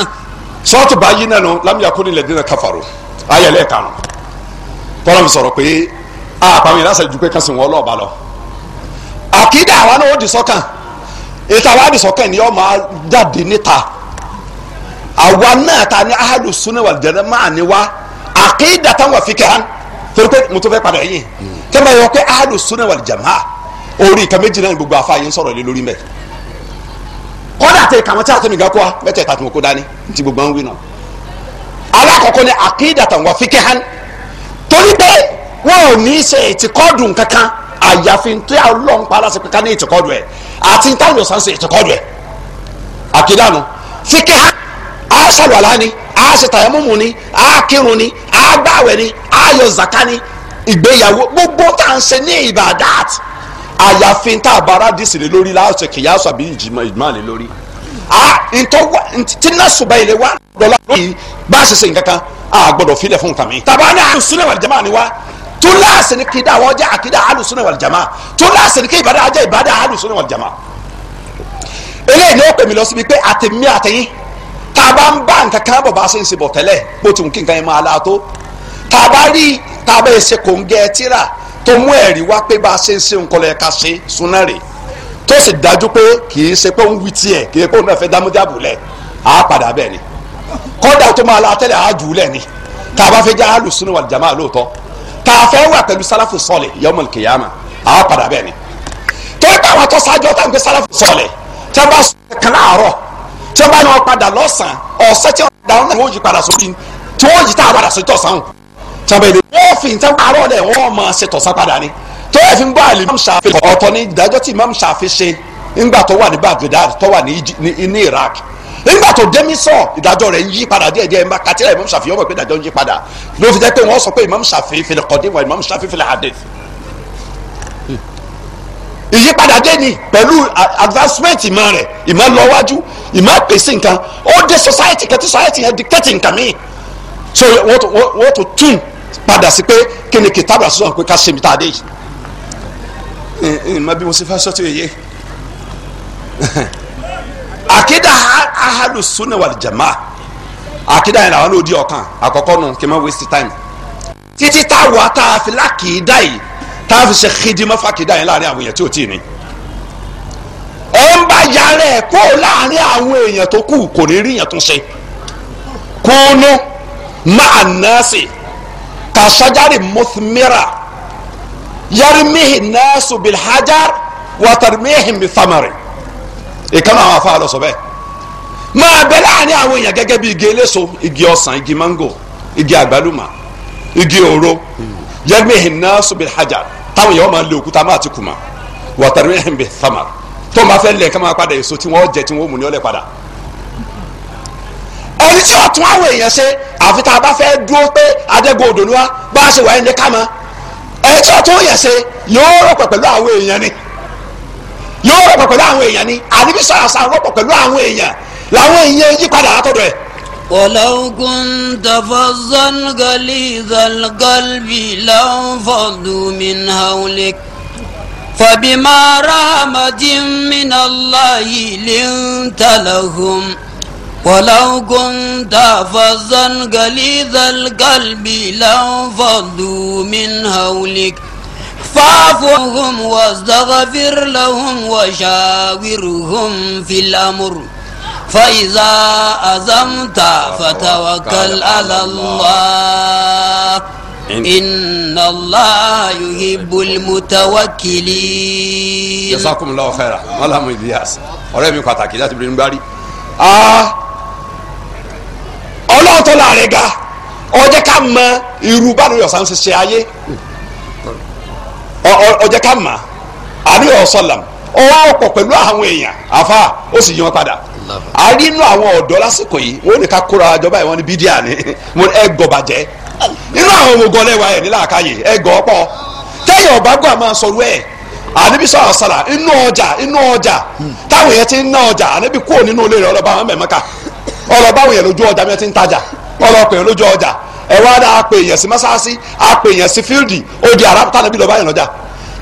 sọ́ọ̀tù báyìí náà nù lámìyà kún ilẹ̀ dínà káfàró ayẹlẹ́ karùn-ún tọ́lá mi sọ̀rọ̀ pé àpamọ́ ìlàsà ju pé kan sì wọ́n lọ́ọ̀bá lọ. àkídà àwa náà ó di sọ́kàn ètò àwa di sọ́kàn ni yóò máa jáde níta àwa náà ta ni ahadu sunna wal máa ní wa àkídà táwọn fi kẹ́ torí pé mo tó fẹ́ padà yìí tẹ́lẹ̀ yọ pé ahadu sunna wal jamaa orí ìka méjì náà gbogbo afa yìí ń sọ̀rọ̀ lé lórí mẹ́ kọ́dà tẹ kàwọn tí a tẹ̀mí ga kó wa mẹ́tẹ̀ẹ̀ta tí mo kó dání ti gbogbo àwọn wí náà alákọ̀ọ́kọ́ ni akidatan wa fikihan torí pé wọn ò ní í ṣe kankan àyàfi tí ọlọ́run pa aláṣẹ kankan ní ìtìkọ́dù ẹ̀ àti táwọn yóò sàn ṣe ìtìkọ́dù ẹ̀ àkídànù fikihan á ṣàlùwàlá ni á ṣe tàyámùmù ni a kírun ni á gbàwẹ̀ ni á yọ zaka ni ìgbéyàwó gbogbo tá à ń ṣe ní ìbàdàt àyàfi tá a bá rádìsì lé lórí láti kìyàsọ àbí ìjìmọ̀ lé lórí tí nọ́ọ̀sì bá ilé wa lọ́la lórí bá a ṣe ṣe nǹkan kan a gbọ́dọ̀ filẹ̀ fún kàmi. tàbá ní àlùsùnà wal jamaa ni wa túláàsì ni kìdá àwọn jẹ́ àkìdá àlùsùnà wal jamaa túláàsì ni kí ìbádà ajẹ́ ìbádà àlùsùnà wal jamaa. eléyìí ni ó pè mí lọ síbi pé àtẹ̀mí àtẹ̀yìn tá a bá ń bá nǹkan kan bọ̀ bá a ṣe ń ṣe bọ̀ tẹ́lẹ̀ bó ti wù kí nǹkan yẹn máa la tó tá a bá rí tá a bá ṣe kò ń gẹ tíra tó mú ẹ̀rí wá pé bá a ṣe ń ṣe nǹkan lẹ́ka ṣe súná rè tó sì dájú pé kì í ṣe pé òun wí tiẹ̀ kì í ṣe pé òun náà fẹ́ dámújábù lẹ̀ á padà bẹ́ẹ̀ ni kọ́dà tó máa la tẹ́lẹ̀ á jù ú lẹ̀ ni tá a bá fẹ́ já alùsùnú wà jàmá lóòótọ́ tá a fẹ́ wà pẹ̀lú sálàfù sọ̀lẹ̀ yọmọl kìyàmà á padà bẹ́ẹ̀ ni tó yẹ tó ṣáájú ọ̀tá ń gbé sálàfù sọ̀lẹ̀ tí wọ́n bá sọ̀rọ̀ kan láàárọ̀ tí wọ́n bá yọ padà lọ́sàn-án ọ̀sẹ̀ tí wọ́n dáhùn náà wọ́n yí padà sórí tí wọ́n yí tá a padà sórí tọ̀sán o tí wọ́n bẹ lè wọ́n fi nǹkan àárọ̀ lẹ̀ wọ́n máa ṣe tọ̀sán padà ni tó yẹ fi ń bá àlè Imam Shafi ọ̀tọ̀ ni ìdájọ́ tí Imam Shafi ṣe ńgbà tó wà ní Baghdad tó wà ní Iraq nígbà tó dé mísọ ìdájọ́ rẹ̀ ń yí padà díẹ̀ díẹ̀ kàtí rẹ̀ Imam Shafi yọ̀wọ̀ pé ìdájọ́ ń yí padà ló fi jẹ́ pé wọ́n sọ pé Imam Shafi fil qadim wa Imam Shafi fil hadith ìyípadà dé ni pẹ̀lú advancement ìmọ̀ rẹ̀ ìmọ̀ lọ́wájú ìmọ̀ pèsè nǹkan ó dé society kẹtí society yẹn dictate nǹkan mi so wọ́n tó tún padà sí pé kí ni kìtàbà sọ̀rọ̀ pé ká ṣe mi tá a dé yìí ìmọ̀ bí mo ṣe fẹ́ sọ́tò yẹ àkídà ahalu sunna wal jamaa àkídà yẹn làwọn ló di ọkàn àkọ́kọ́ nù kí n má waste time títí táwa tá a fi lákìí dá yìí tá a fi ṣe xidima fàkìdá yẹn láàrin àwọn èèyàn tí ò tí ì ní. ẹ ń bá yàrá ẹ kó láàrin àwọn èèyàn tó kù kò ní rí èèyàn tó ṣe. kúnú máa nọ́ọ̀sì kà sọ́járì mọ́tìmíra yàrìmíhì nọ́ọ̀sù bilhajar wàtàrìmíhì mìfàmàrì. ìkànnì àwọn afáàlọ́ sọ bẹ́ẹ̀ máa bẹ láàrin àwọn èèyàn gẹ́gẹ́ bí igi eléso igi ọsàn igi mango igi àgbálùmọ̀ igi òro yẹ́gbẹ̀hìn náà sùbìlì hajar táwọn ọ máa lo òkúta máa ti kuma, mà wàtàrí ẹ̀ǹbẹ̀ thamar tó máa fẹ́ lẹ̀ ká máa padà èso tí wọ́n jẹ tí wọ́n mú ní ọlẹ́ padà. tí ọ̀tún àwọn èèyàn ṣe àfi tá a bá fẹ́ dúró pé adẹ́gun odò ni wá bá a ṣe wà ẹni ká mọ́ ẹni tí ọ̀tún èèyàn ṣe yóò rọ̀pọ̀ pẹ̀lú àwọn èèyàn ni yóò rọ̀pọ̀ pẹ̀lú àwọn èèyàn ni àdébísọ̀ àṣà rọ̀pọ̀ pẹ̀lú àwọn èèyàn làwọn èèyàn yí ولو كنت فظا غليظ القلب لانفضوا من هولك فبما رحمة من الله لنت لهم ولو كنت فظا غليظ القلب لانفضوا من هولك عنهم واستغفر لهم وشاورهم في الأمر فإذا أزمت فتوكل على الله إن الله يحب المتوكلين جزاكم الله خيرا ولا مبياس ọ̀rẹ́ mi pàtàkì láti bìrì ń bá rí. ọlọ́run tó láàrin ga ó jẹ́ ká mọ irú báwo yọ̀ sáà ń ṣiṣẹ́ ayé ó jẹ́ ká mọ àbí ọ̀sọ̀làm ọwọ́ ọ̀pọ̀ pẹ̀lú àwọn èèyàn àfa ó sì yí wọn padà a rí inú àwọn ọ̀dọ́ lásìkò yìí wọ́n ní ká kóra àjọba ìwọ́n ní bídíà ni ẹ gọ̀ bàjẹ́ inú àwọn ọmọ ogun ọlẹ́wà ẹ̀ nílà àkàyè ẹ gọ̀ pọ̀ tẹ́yìn ọ̀bá gbọ́ àmọ́ sọ̀rọ̀ ẹ̀ ànábi sọ̀rọ̀ sàlà inú ọjà inú ọjà táwọn yẹn ti ń ná ọjà ànábi kúrò nínú ilé rẹ̀ ọlọ́ba àwọn mẹ̀mẹ́ka ọlọ́ba àwọn yẹn lójú ọjà mi ti ń tajà ọlọ́pẹ̀ yẹn lójú ọjà ẹ wá dá apè yẹn sí mọ́sáàsì apè yẹn sí fíldì ó di àrà tànábi lọ́ba yẹn lọ́jà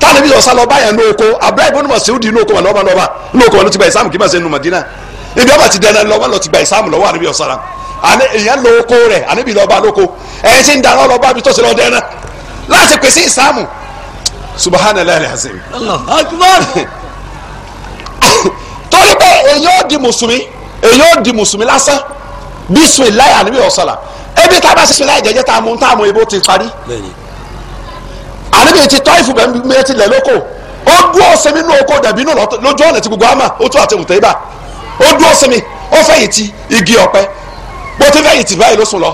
tànábi sọ̀rọ̀ sàlọ́ bá yẹn ní oko abúlé ìbónú mọ̀ sí ó di inú oko wọn lọ́ba lọ́ba inú oko wọn ló ti bá ìsàmù kí mọ̀ sí inú ibi ọba ti dẹ̀nà lọ wọn lọ ti gba ìsáàmù lọ́wọ́ àníbi ọ̀sára àní èèyàn lo oko rẹ̀ àníbi lọ́ba lóko ẹ̀yìn tí ń darọ́ lọ́ba bí tó ṣe lọ́ dẹ́nà láti pèsè ìsáàmù subahánilá ilẹ̀ azim. torí pé èèyàn di mùsùlùmí èèyàn di mùsùlùmí lásán bí sùn ìláyà àníbi ọ̀sára ebi tá a bá sísun láì jẹjẹ tá a mú tá a mú ibo ti parí àníbi ti tọ́ ìfúnbẹ́ mi ti lẹ̀ lóko ó dúró sẹ́mi nú oko dàbí nù lójú ọ̀nà ti gbogbo àmà ó tún àtẹ̀wùtẹ́ ibà ó dúró sinmi ó fẹ̀yìntì igi ọ̀pẹ bó ti fẹ̀yìntì báyìí ló sùn lọ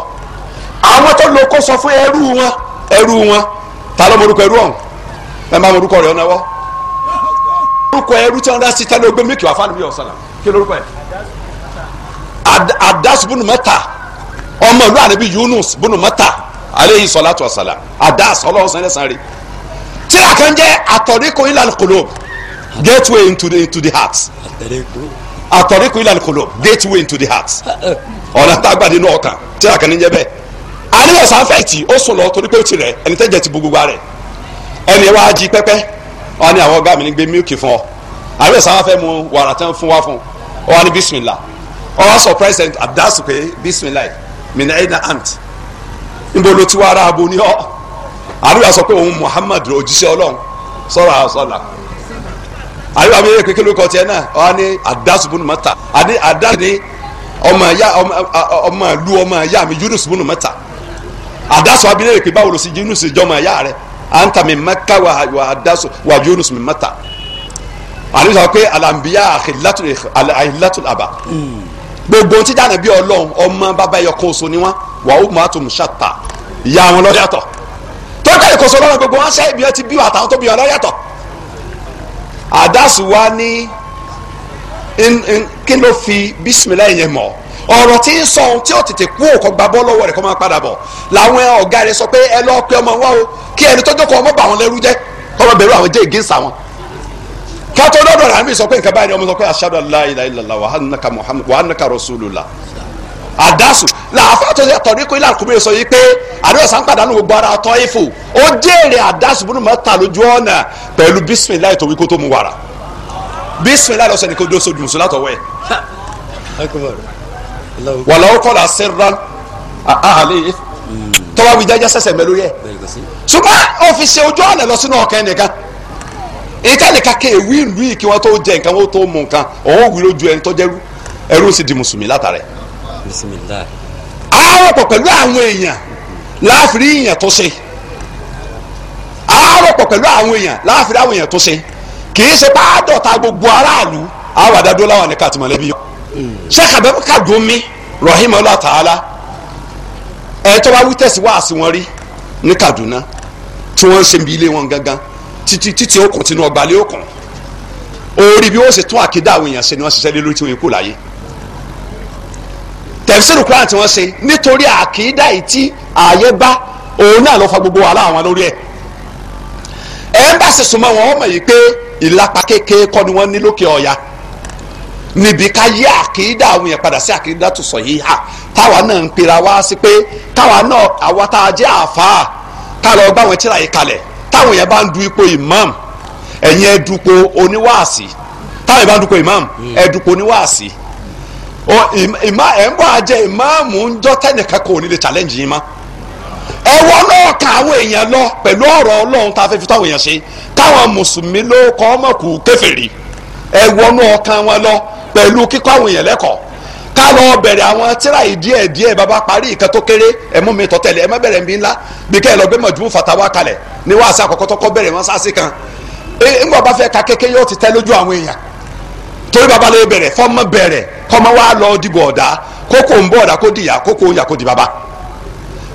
àwọn tó lo kó sọ fún ẹrú wọn ẹrú wọn ta ló morúkọ ẹrú ọ̀hún ẹ máa morúkọ rẹ̀ ọ̀nàwọ́ orúkọ ẹrú tí wọn dá sí tẹ́lẹ̀ ogbé mílíkì wà fún àdúgbò ọ̀sán kí lórúkọ ẹ adásùbùnù mẹ́ta ọmọ ìlú àdébí Yunus bùnù mẹ́ta aleyhi sọlátù ọ̀sálà adas ọlọ́run sẹ́lẹ̀ sáré tí a kàn jẹ́ àtọ̀ríkò ìlànà gateway into the, into the heart àtọ̀ríkù ilà kòló gateway into the heart ọ̀nà tágbàdé inú ọkàn tí a kàn ní jẹ bẹ́ẹ̀ àníyàn sáfẹ̀tì ó sùn lọ torí pé ó ti rẹ̀ ẹni tẹ́jẹ̀ ti bu gbogbo rẹ̀ ẹni wá jí pẹ́pẹ́ wọn ni àwọn ọgá mi ní gbé mílìkì fún ọ àníyàn sáfẹ̀ mu wàrà tán fún wa ọ wọn ni ọ wá sọ president abdasu pé bisimilá ant abo ọ àníyàn muhammadu ọlọ́run sọ́ra àríwá mi yẹ kékeré lóko tiẹ̀ náà ọ ní adásùbùnú mẹ́ta àní adá ní ọmọ ya ọmọ lu ọmọ ya mi Yunus bùnú mẹ́ta adásùn abiná yẹ kí báwo lọ sí Yunus jọmọ ya rẹ anta mi mẹ́ka wà adásùn wà Yunus mi mẹ́ta àní sọ pé alambiya àhìlátù àbá gbogbo tí dáná bí Ọlọ́run ọmọ bàbá ẹyọ kan oṣù ni wọn wà ó mọ àtúmù ṣàtà ìyá wọn lọ tó dáná ìkóso lọ́rọ̀ gbogbo wọn ṣe ibi ẹ ti bí wàtà wọn tó bí wọn lọ àdásù wa ní kí ló fi bísímìlá yẹn mọ̀ ọ̀rọ̀ tí ń sọ ohun tí ó tètè kú òkò gba bọ́ lọ́wọ́ rẹ̀ kó máa padà bọ̀ làwọn ọ̀gá rẹ̀ sọ pé ẹ lọ́ọ́ pe ọmọ wa o kí ẹni tó jókòó ọmọ bà wọn lẹ́rú jẹ́ kọ́mọ bẹ̀rù àwọn jẹ́ ìgé sàwọn. kátó lọ́dọ̀ rà mí sọ pé nǹkan báyìí ọmọ sọ pé ashhadu an la ilaha illallah wa annaka muhammad wa àdásù làáfà tó yẹ tọ̀rí kó ilé àkùnrin sọ yìí pé àdéhùsán pàdánù gbogbo ara tọ́ ìfò ó jèrè àdásù bínú mọ́ta lójú ọ̀nà pẹ̀lú bísímìláì tó wí tó mu wàrà bísímìláì lọ́sọ̀ ni kó dó sojú mùsùlùmí látọ̀wọ́ ẹ̀. wàlá ó kọ́lá sẹ́rán àhàlẹ́ tọ́wá wí jájá sẹ́sẹ̀ mẹ́lú yẹ. ṣùgbọ́n ó fi ṣe ojú ọ̀nà lọ sínú ọ̀kẹ́ nìkan ìtàlẹ̀ kakẹ́ ìwí ìlú yìí kí wọ́n tó jẹ nǹkan wọ́n tó mu nǹkan òun ò wí lójú ẹni tọ́jẹ́rú ẹrú sì di mùsùlùmí látàrẹ̀ bisimilá. àárọ̀pọ̀ pẹ̀lú àwọn èèyàn láàfin èèyàn tó ṣe àárọ̀pọ̀ pẹ̀lú àwọn èèyàn láàfin àwọn èèyàn tó ṣe kì í ṣe pàdọ̀ta gbogbo aráàlú àwọn àdádó láwọn ní kàtìmọ̀lẹ́bí yọ. sẹ́kà bẹ́ẹ̀ ká dùn mí rahima Allah ta'ala ẹ̀ tó bá wí tẹ̀sí wáàsí wọn rí ní Kaduna tí wọ́n ń ṣe ibi ilé wọn gangan títí títí ó kàn tinú ọgbà lé orí bí wọ́n ṣe tún àkédá àwọn èèyàn ṣe ni wọ́n ṣiṣẹ́ lé lórí tí wọ́n kú láyé tẹ̀síìrì kúrò àti wọ́n ṣe nítorí àkìdá yìí tí ààyè bá òun náà ló fa gbogbo wàhálà àwọn lórí ẹ̀ ẹ̀ ń bá sẹ̀sùn mọ́ wọn mọ̀ yìí pé ìlapa kékeré kọ́ ni wọ́n ní lókè ọ̀ya níbi ká yí àkìdá àwọn yẹn padà sí àkìdá tó sọ yìí hà táwa náà ń pera wá sí pé táwa náà àwa tá a jẹ́ àfáà ká lọ bá wọn tíra yìí kalẹ̀ táwọn yẹn bá ń du ipò imam ẹ̀yin ẹ̀ dupò oníwàásì táwọn yẹn bá ń dupò imam ẹ̀ dupò oníwàásì. Mm ẹ̀ ń bọ̀ àjẹ ìmáàmù ń jọ́ tẹ́nìkan kò ní challenge yín mọ́ ẹwọ náà ka àwọn èèyàn lọ pẹ̀lú ọ̀rọ̀ ọlọ́run tá a fẹ́ fi táwọn èèyàn ṣe káwọn mùsùlùmí ló kọ́ ọmọ kù kèfèrí ẹwọ náà kan wọn lọ pẹ̀lú kíkọ́ àwọn èèyàn lẹ́kọ̀ọ́ ká lọ bẹ̀rẹ̀ àwọn tíra ìdíẹ̀ díẹ̀ bàbá parí ìkan tó kéré ẹ̀mú mi tọ́ tẹ̀lé mi ńlá bí ka kékeré yóò ti lójú torí baba lè bẹ̀rẹ̀ fọ́mọ bẹ̀rẹ̀ kọ́mọ wa lọ dìbò ọ̀dà kókó ń bọ̀ ọ̀dà kó dìyà kókó ń yà kó di baba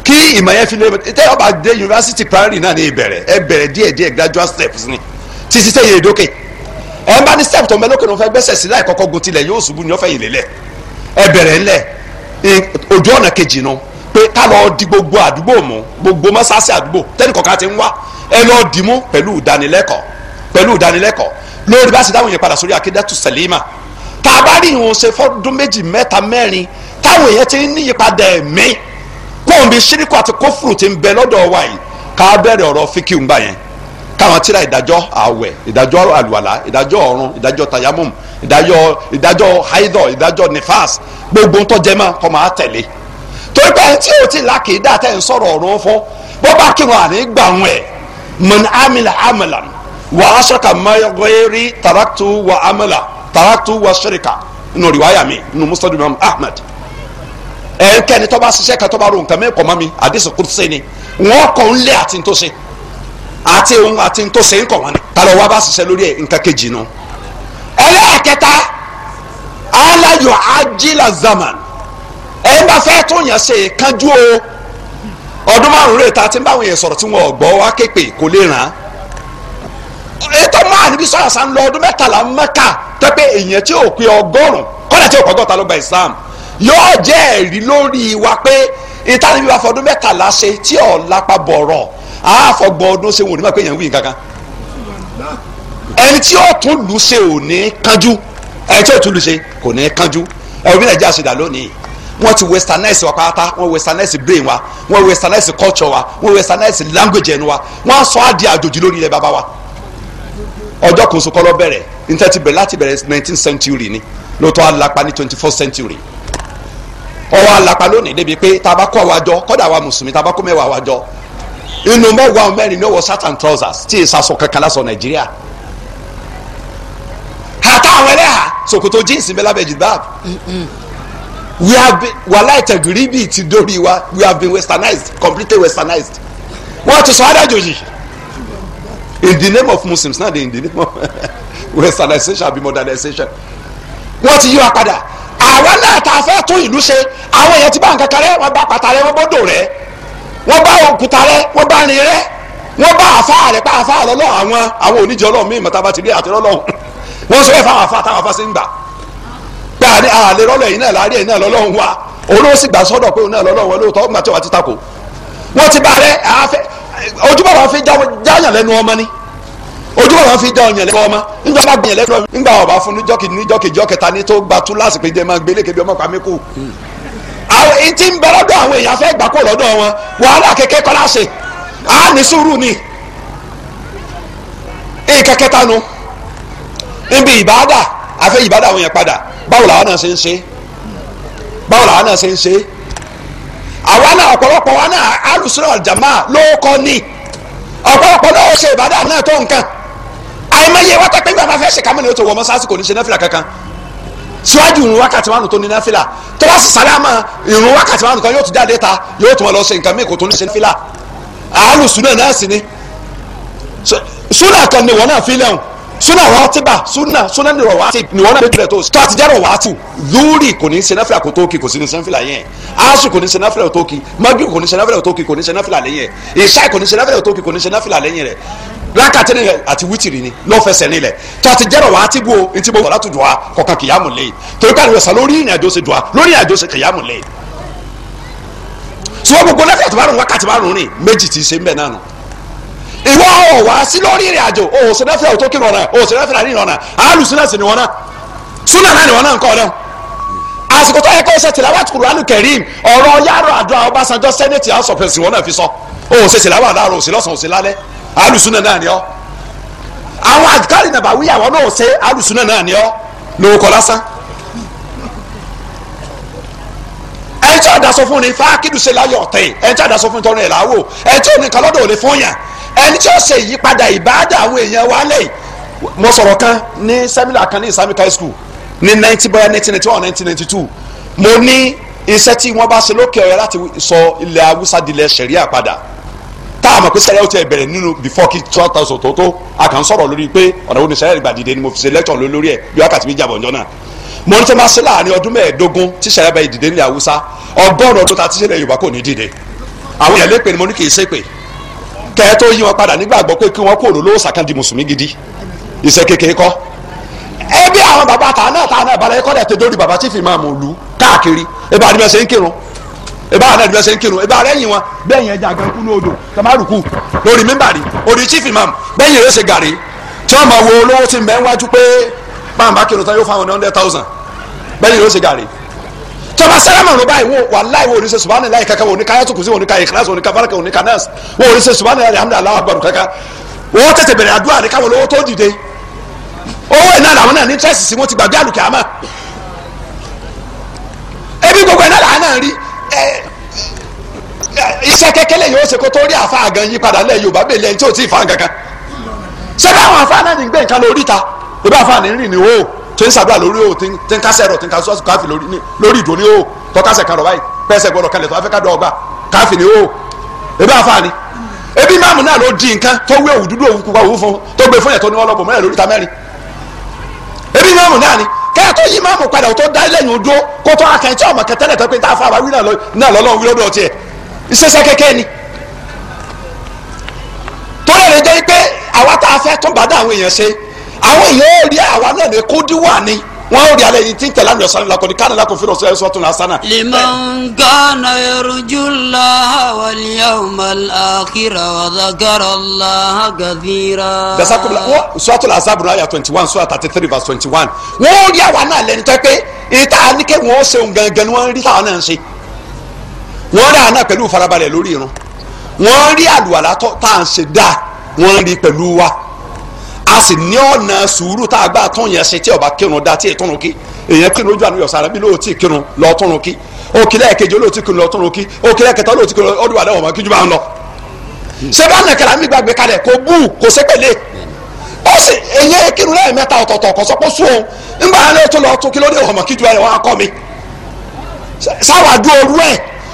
kí ìmọ̀ yẹn fi lè tẹ́ ọba dé yunifásitì primary náà ní ìbẹ̀rẹ̀ ẹ bẹ̀rẹ̀ díẹ̀ díẹ̀ graduate steps ni títí sẹ́yìn èdókè ẹ bá ní step tó mẹ́ lókè ló fẹ́ gbẹ́sẹ̀ sí láì kọ́kọ́ gun tilẹ̀ yóò ṣubú ni ó fẹ́ yìn lélẹ̀ ẹ bẹ̀rẹ̀ ńlẹ̀ ojú ọ̀nà kejì nu pé ká lọ di gbogbo àdúgbò mú gbogbo mọ́sáàsì àdúgbò tẹ́nìkọ̀ọ́ká ti ń wá ẹ lọ dì mú pẹ̀lú ìdánilẹ́kọ̀ọ́ pẹ̀lú ìdánilẹ́kọ̀ọ́ lórí bá sì dáhùn yẹn padà sórí akédàtú sẹlẹmà tá a bá rí ìwọn ṣe fọdún méjì mẹ́ta mẹ́rin táwọn èèyàn ti ní ìyípadà ẹ̀mí pọ́ùn bíi ṣíríkù àti kófùrù ti ń bẹ lọ́dọ̀ wa yìí ká bẹ̀rẹ̀ ọ̀rọ̀ fíkì gbà yẹn káwọn tíra ìdájọ́ àwẹ̀ ìdájọ́ àlùwàlà ìdájọ́ ọ̀run ìdájọ́ tayamum ìdájọ́ ìdájọ́ haidọ̀ ìdájọ́ nifas gbogbo ń tọ́jẹ́ mọ́ kọ́ máa tẹ̀lé torí pé tí o ti lákèédà tẹ̀ ń sọ̀rọ̀ ọ̀run fún bọ́ bá kírun àní gbà wọn ẹ̀ mọ̀n amìlà amìlà nù wa ashraka maya ghayri taraktu wa amala taraktu wa shirika nínú riwaya mi nínú musnad imam ahmed ẹ kẹni tó bá ṣiṣẹ́ kan mẹ kọ mi àdìsí kùrúsẹ ni wọn kọ ń lé àti ń tó ṣe àti ń àti ń tó ṣe ń kọ wọn ni tàlọ wa bá ṣiṣẹ́ lórí ẹ nǹkan kejì nu ẹlẹ́ẹ̀kẹta alayọ ajila zaman ẹ bá fẹ́ tó yàn ṣe kánjú o ọdún márùn-ún rẹ̀ ta ti ń báwọn yẹn sọ̀rọ̀ tí wọn ò gbọ́ wá kò lè ràn án ètò máa níbi sọ̀rọ̀ sàn lọ ọdún mẹ́tàlá mẹ́ka tẹ́pẹ́ èèyàn tí ò pé ọgọ́rùn kọ́lá tí ò pọ̀ gọ́ta ló gba Islam yóò jẹ́ ẹ̀rí lórí wa pé ìtàníbi wa fọdún mẹ́tàlá ṣe tí ò lápá bọ̀rọ̀ àáfọ̀gbọ̀n ọdún ṣe wọn ò ní máa pé èèyàn wí kankan ẹni tí ó tún lù ṣe ò ní kánjú ẹni tí ó tún lù ṣe kò ní kánjú ẹ̀rọ bí nàìjíríà ṣe dà lónìí wọ́n ti westernize wa pátá wọ́n westernize brain wa wọ́n westernize culture wa wọ́n westernize language ẹnu wa wọ́n á sọ á di àjòjì lórí ilẹ̀ bàbá wa ọjọ́ kan sọ kọ́lọ́ bẹ̀rẹ̀ níta ti bẹ̀rẹ̀ láti bẹ̀rẹ̀ nineteenth century ni lóòótọ́ alapa ní twenty first century ọwọ́ alapa lónìí débi pé taba kọ́ wa jọ kọ́dà wa mùsùlùmí taba kọ́ mẹ́wàá wa jọ inú mẹ́wàá mẹ́rin ní ọwọ́ satan trousers tí èsì aṣọ kankan lásán nàìjíríà àtà àwọn ẹlẹ́hà ṣòkòtò jíǹsì bẹ́ẹ̀ lábẹ́ jìbáàbù we have been wàhálà ìtẹ̀gìrì bíi ti dórí wa we have been westernized completely westernized wọ́n ti sọ adájọ́ yìí in the name of muslims not in the name of westernization àbí modernization wọ́n ti yí wa padà àwa náà ta fẹ́ tún ìlú ṣe àwọn èèyàn ti bá nǹkan kan rẹ wọ́n bá pàtà rẹ wọ́n bọ́dọ̀ rẹ wọ́n bá òkúta rẹ wọ́n bá rin rẹ wọ́n bá àfa rẹ pa àfa lọ́lọ́ àwọn àwọn oníjẹ ọlọ́run míì mọ́ta bá ti rí àti lọ́lọ́run wọ́n sọ ẹ̀fọ́ àwọn àfa táwọn àfa ṣe ń gbà pé àlè rọ́lọ́ yìí náà láàrin náà lọ́lọ́run wa olóòsì gbà sọ́dọ̀ pé òun náà lọ́lọ́run wọn lóòótọ́ ọgbà tí wàá ti takò wọ́n ti bá rẹ àáfẹ́ ojúbọ wa fi jáyàn lẹ́nu ọmọ ni ojúbọ wàá fi jáyàn lẹ́nu ọmọ níjọ bá gbìyànjú lẹ́nu ọmọ nígbà ọba fún níjọ kìíní níjọ kìíjọ kẹta ní tó gba tú lásìkò ìjẹ máa gbélé kébi ọmọ pàmí kù. àwọn èyí tí ń bẹ lọ́dọ̀ àwọn èèyàn fẹ́ gbà kó lọ́dọ̀ wọn wàhálà kékeré kọ́ láṣẹ á ní sùúrù ni. nǹkan kẹta nu níbi ìbáadà àfẹ́ ìbáadà àwọn èèyàn padà báwo làwọn náà ṣe ń ṣe báwo làwọn náà ṣe ń ṣe àwa náà ọ̀pọ̀lọpọ̀ wa náà alùsùn àjàmá ló kọ́ ni ọ̀pọ̀lọpọ̀ náà ó ṣe ìbádà náà tó nǹkan àìmọye wọ́n tẹ́pẹ́ gbàgbà fẹ́ ṣe kámẹ́ni ó tó wọ mọ́sáàsì kò ní ṣe náfìlà kankan síwájú ìrun wákàtí márùn tó ní náfìlà tó bá sì sálámà ìrun wákàtí márùn kan yóò tún jáde ta yóò tún lọ ṣe nǹkan míì tó ní ṣe náfìlà àálù súnà náà sì ni súnà súnà rọ́ọ̀tìbà súnà súnà ní rọ̀wátì ni wọ́n náà lójú rẹ̀ tó tó àti jẹ́ rọ̀wátì lórí kò ní ṣe náfìlà kò tó kí kò sí ní sẹ́nfìlà yẹn aṣù kò ní ṣe náfìlà tó kí mọ́gì kò ní ṣe náfìlà tó kí kò ní ṣe náfìlà lẹ́yìn rẹ̀ ìṣáì kò ní ṣe náfìlà tó kí kò ní ṣe náfìlà lẹ́yìn rẹ̀ rákàtí ni àti wítìrì ni ló fẹsẹ̀ nílẹ̀ tó àti jẹ́rọ wá tí bo etí bo wà wa kọ̀ọ̀kan kìyàmù lé torí káàdì ìwọ ò wá sí lórí ìrìn àjò o ò sẹ́dáfẹ́ ò tó kí wọn náà o ò sẹ́dáfẹ́ àrí wọn náà àálù súnà sí ni wọn náà súnà náà ni wọn náà ń kọ́ ọ náà àsìkò tó yẹ kó ṣe tìlàwà tùkùrù alùkẹ́rìm ọ̀rọ̀ yàrá àdúrà ọbásanjọ́ sẹ́nẹ̀tì house of ẹ̀sìn wọn náà fi sọ o ò ṣe tìlàwà láàárọ̀ òsì lọ́sàn òsì lálẹ́ àálù súnà náà ni ọ àwọn àdìkárì nàbàwí àwọn náà ò ṣe àálù súnà náà ni ọ lóko lásán ẹni tí a da sọ fún ni fákìdù ṣe láyọ̀ ọ̀tẹ̀ ẹni tí a da sọ fún tọrọ ẹ̀ láwò ẹni tí ò ní kalọ́dọ̀ ò lè fún yàn ẹni tí ó ṣe ìyípadà ìbáàdà àwọn èèyàn wa lẹ́yìn mo sọ̀rọ̀ kan ní sẹ́mínà kan ní islamic high school ní ninety bóyá nineteen ninety one nineteen ninety two mo ní iṣẹ́ tí wọ́n bá ṣe lókè ọ̀yà láti sọ ilẹ̀ haúsá dilẹ̀ sẹ̀ríà padà tá a mọ̀ pé sẹ́ríà ó ti bẹ̀rẹ̀ nínú before kí two thousand tó tó a kàn sọ̀rọ̀ lórí pé ọ̀nà wo ni sẹ́ríà ìgbà dìde ni mo fi ṣe lecture lórí ẹ̀ bí wákàtí mi jàbọ̀ ọjọ́ náà mo ní tẹ́ máa ṣe láàrin ọdún mẹ́ẹ̀ẹ́dógún tí sẹ́ríà bá dìde nílẹ̀ haúsá ọgọ́rùn-ún ọdún ta ti ṣe yorùbá kò ní dìde àwọn ìyàlẹ́ ni mo ní kì í ṣépè kẹ́ ẹ tó yí wọn padà nígbàgbọ́ pé kí wọ́n kó òdòdó sàkán di mùsùlùmí gidi iṣẹ́ kékeré kọ́ ẹbí àwọn bàbá ta náà ta náà balẹ̀ kọ́ dẹ̀ dórí bàbá tí fi máa mọ̀ lù káàkiri ẹbí ń kírun ẹbí àwọn ń kírun ẹbí chief imam bẹ́ẹ̀ yẹn gàrí tí wọ́n máa wo olówó ti mẹ́ wájú pé tọba sálámà ló báyìí wọn wàláhì wọn ò ní ṣe subahana ilayi kankan wọn ò ní ka ayatollah kùsì wọn ò ní ka ikhlas wọn ò ní ka baraka wọn ò ní ka nas wọn ò ní ṣe subahana ilayi hamdu alahu akbar kankan wọn tètè bẹ̀rẹ̀ àdúrà ní káwọn lọ́wọ́ tó dìde owó iná làwọn náà ní tẹ́sì sí wọn ti gbàgbé àlùkè àmà ebi gbogbo iná làwọn náà rí iṣẹ́ kékeré yóò ṣe kó tó rí àfa àgàn yí padà lẹ́yìn yorùbá bẹ́ẹ̀ lẹ́yìn tí ò tí ì fa nǹkan kan ṣé báwọn àfa náà ní gbé nǹkan lórí ta ìbá àfa ní rìn ní wò ó tí ń sàdúrà lórí o tí ń kásẹ̀ rọ̀ tí ń kásẹ̀ rọ̀ káfí lórí ìdò ní o tọ́ kásẹ̀ kan rọ̀ báyìí pẹ́sẹ̀ gbọ́dọ̀ kalẹ̀ tó afẹ́ ká dọ̀ ọgbà káfí ni o ebi àfààní ebi máàmù náà ló di nǹkan tó wé òwú dúdú òwú kúkọ òwú fún tó gbé fún yẹn tó ní wọn lọ bọ̀ mọ́lẹ̀ lórí ta mẹ́rin ebi máàmù náà ni kẹ́ẹ̀tọ́ yí máàmù padà tó dá lẹ́yìn odó kó tó akẹ́ntì ọmọ kẹtẹ́lẹ̀ tó pé tá a fa àwáwí náà lọ́lọ́ wí lọ́dọ̀ tiẹ̀ ìṣẹ́ṣẹ́ kẹ́kẹ́ ni tó lè jẹ́ pé àwa tá a fẹ́ tó bá dá àwọn èèyàn ṣe àwọn èèyàn ò rí àwa náà ní kúndí wà ní wọn ò rí alẹ́ yìí tí ń tẹ̀lé àmì ọ̀sán lakọ ní kánà lakọ fúnra ọ̀sán ẹ̀sọ́ tún lásán. liman kana yarju Allaha wal yawmal akhir wa dhakara Allaha kathira. dasakola wọ́n suratul Ahzab náà twenty one sura thirty three verse twenty one wọ́n ò rí àwa náà lẹ́nu tó pé ìta àníkẹ́ wọ́n ó ṣeun gangan ni wọ́n rí táwọn náà ń ṣe wọ́n rí àwọn pẹ̀lú ìfarabalẹ̀ lórí irun wọ́n rí àlùwàlá tá à ń ṣe dáa wọ́n rí pẹ̀lú wa a sì ní ọ̀nà sùúrù tá a gbà tó yẹn ṣe tí ọba kírun dá tí ètòrun kí èyàn kírun lójú àníyàn sára bí lóòótì kírun lọ́ọ̀tọ́run kí òkìlẹ̀ kejì olóòótì kírun lọ́ọ̀tọ́run kí òkìlẹ̀ kẹta olóòótì kírun ọdún wàdà ọ̀mọ̀ kíjú bá ń lọ. ṣé bá nàkàrà mi gbàgbé kalẹ̀ kò bú kò sépèlè ó sì èyàn kírun lẹ́ẹ̀mẹ́ta ọ̀tọ̀ọ̀tọ̀ kò sọ pé sún òun ńgbà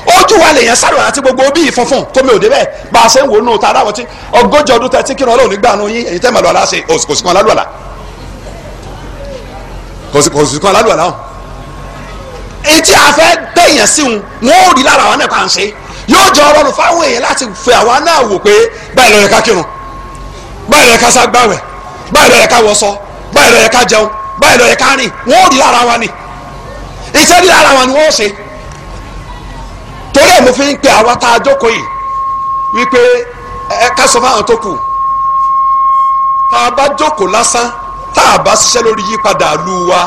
ojú wa lèèyàn sáré àti gbogbo bí ìfunfun tómi òde bẹ́ẹ̀ bá a ṣe ń wò nù tààrà wọ́n ti ọgọ́jọ ọdún tẹ́tí kí ọlọ́run nígbà nù yín èyí tẹ́ mọ̀ lọ́la ṣe kò sí kan lálù àlá kò sí kan lálù àlá o etí afẹ́ bẹ́yẹn sí wọn wọn ò rí lára àwọn ẹ̀ka ń ṣe yóò jọ ọlọ́run fáwọn èèyàn láti fẹ́ àwa náà wò pé báyìí lọ́yẹ̀ ká kírun báyìí lọ́yẹ̀ ká ságbáwẹ̀ báyìí lọ́yẹ̀ ká wọṣọ báyìí lọ́yẹ̀ ká jẹun báyìí lọ́yẹ̀ ká rìn wọn ò rí lára wa ni ìṣe torí ẹ̀ mo fi ń pe àwa tá a jókòó yìí wípé ẹ ká sọ fáwọn tó kù tá a bá jókòó lásán tá a bá ṣiṣẹ́ lórí yípadà lu wa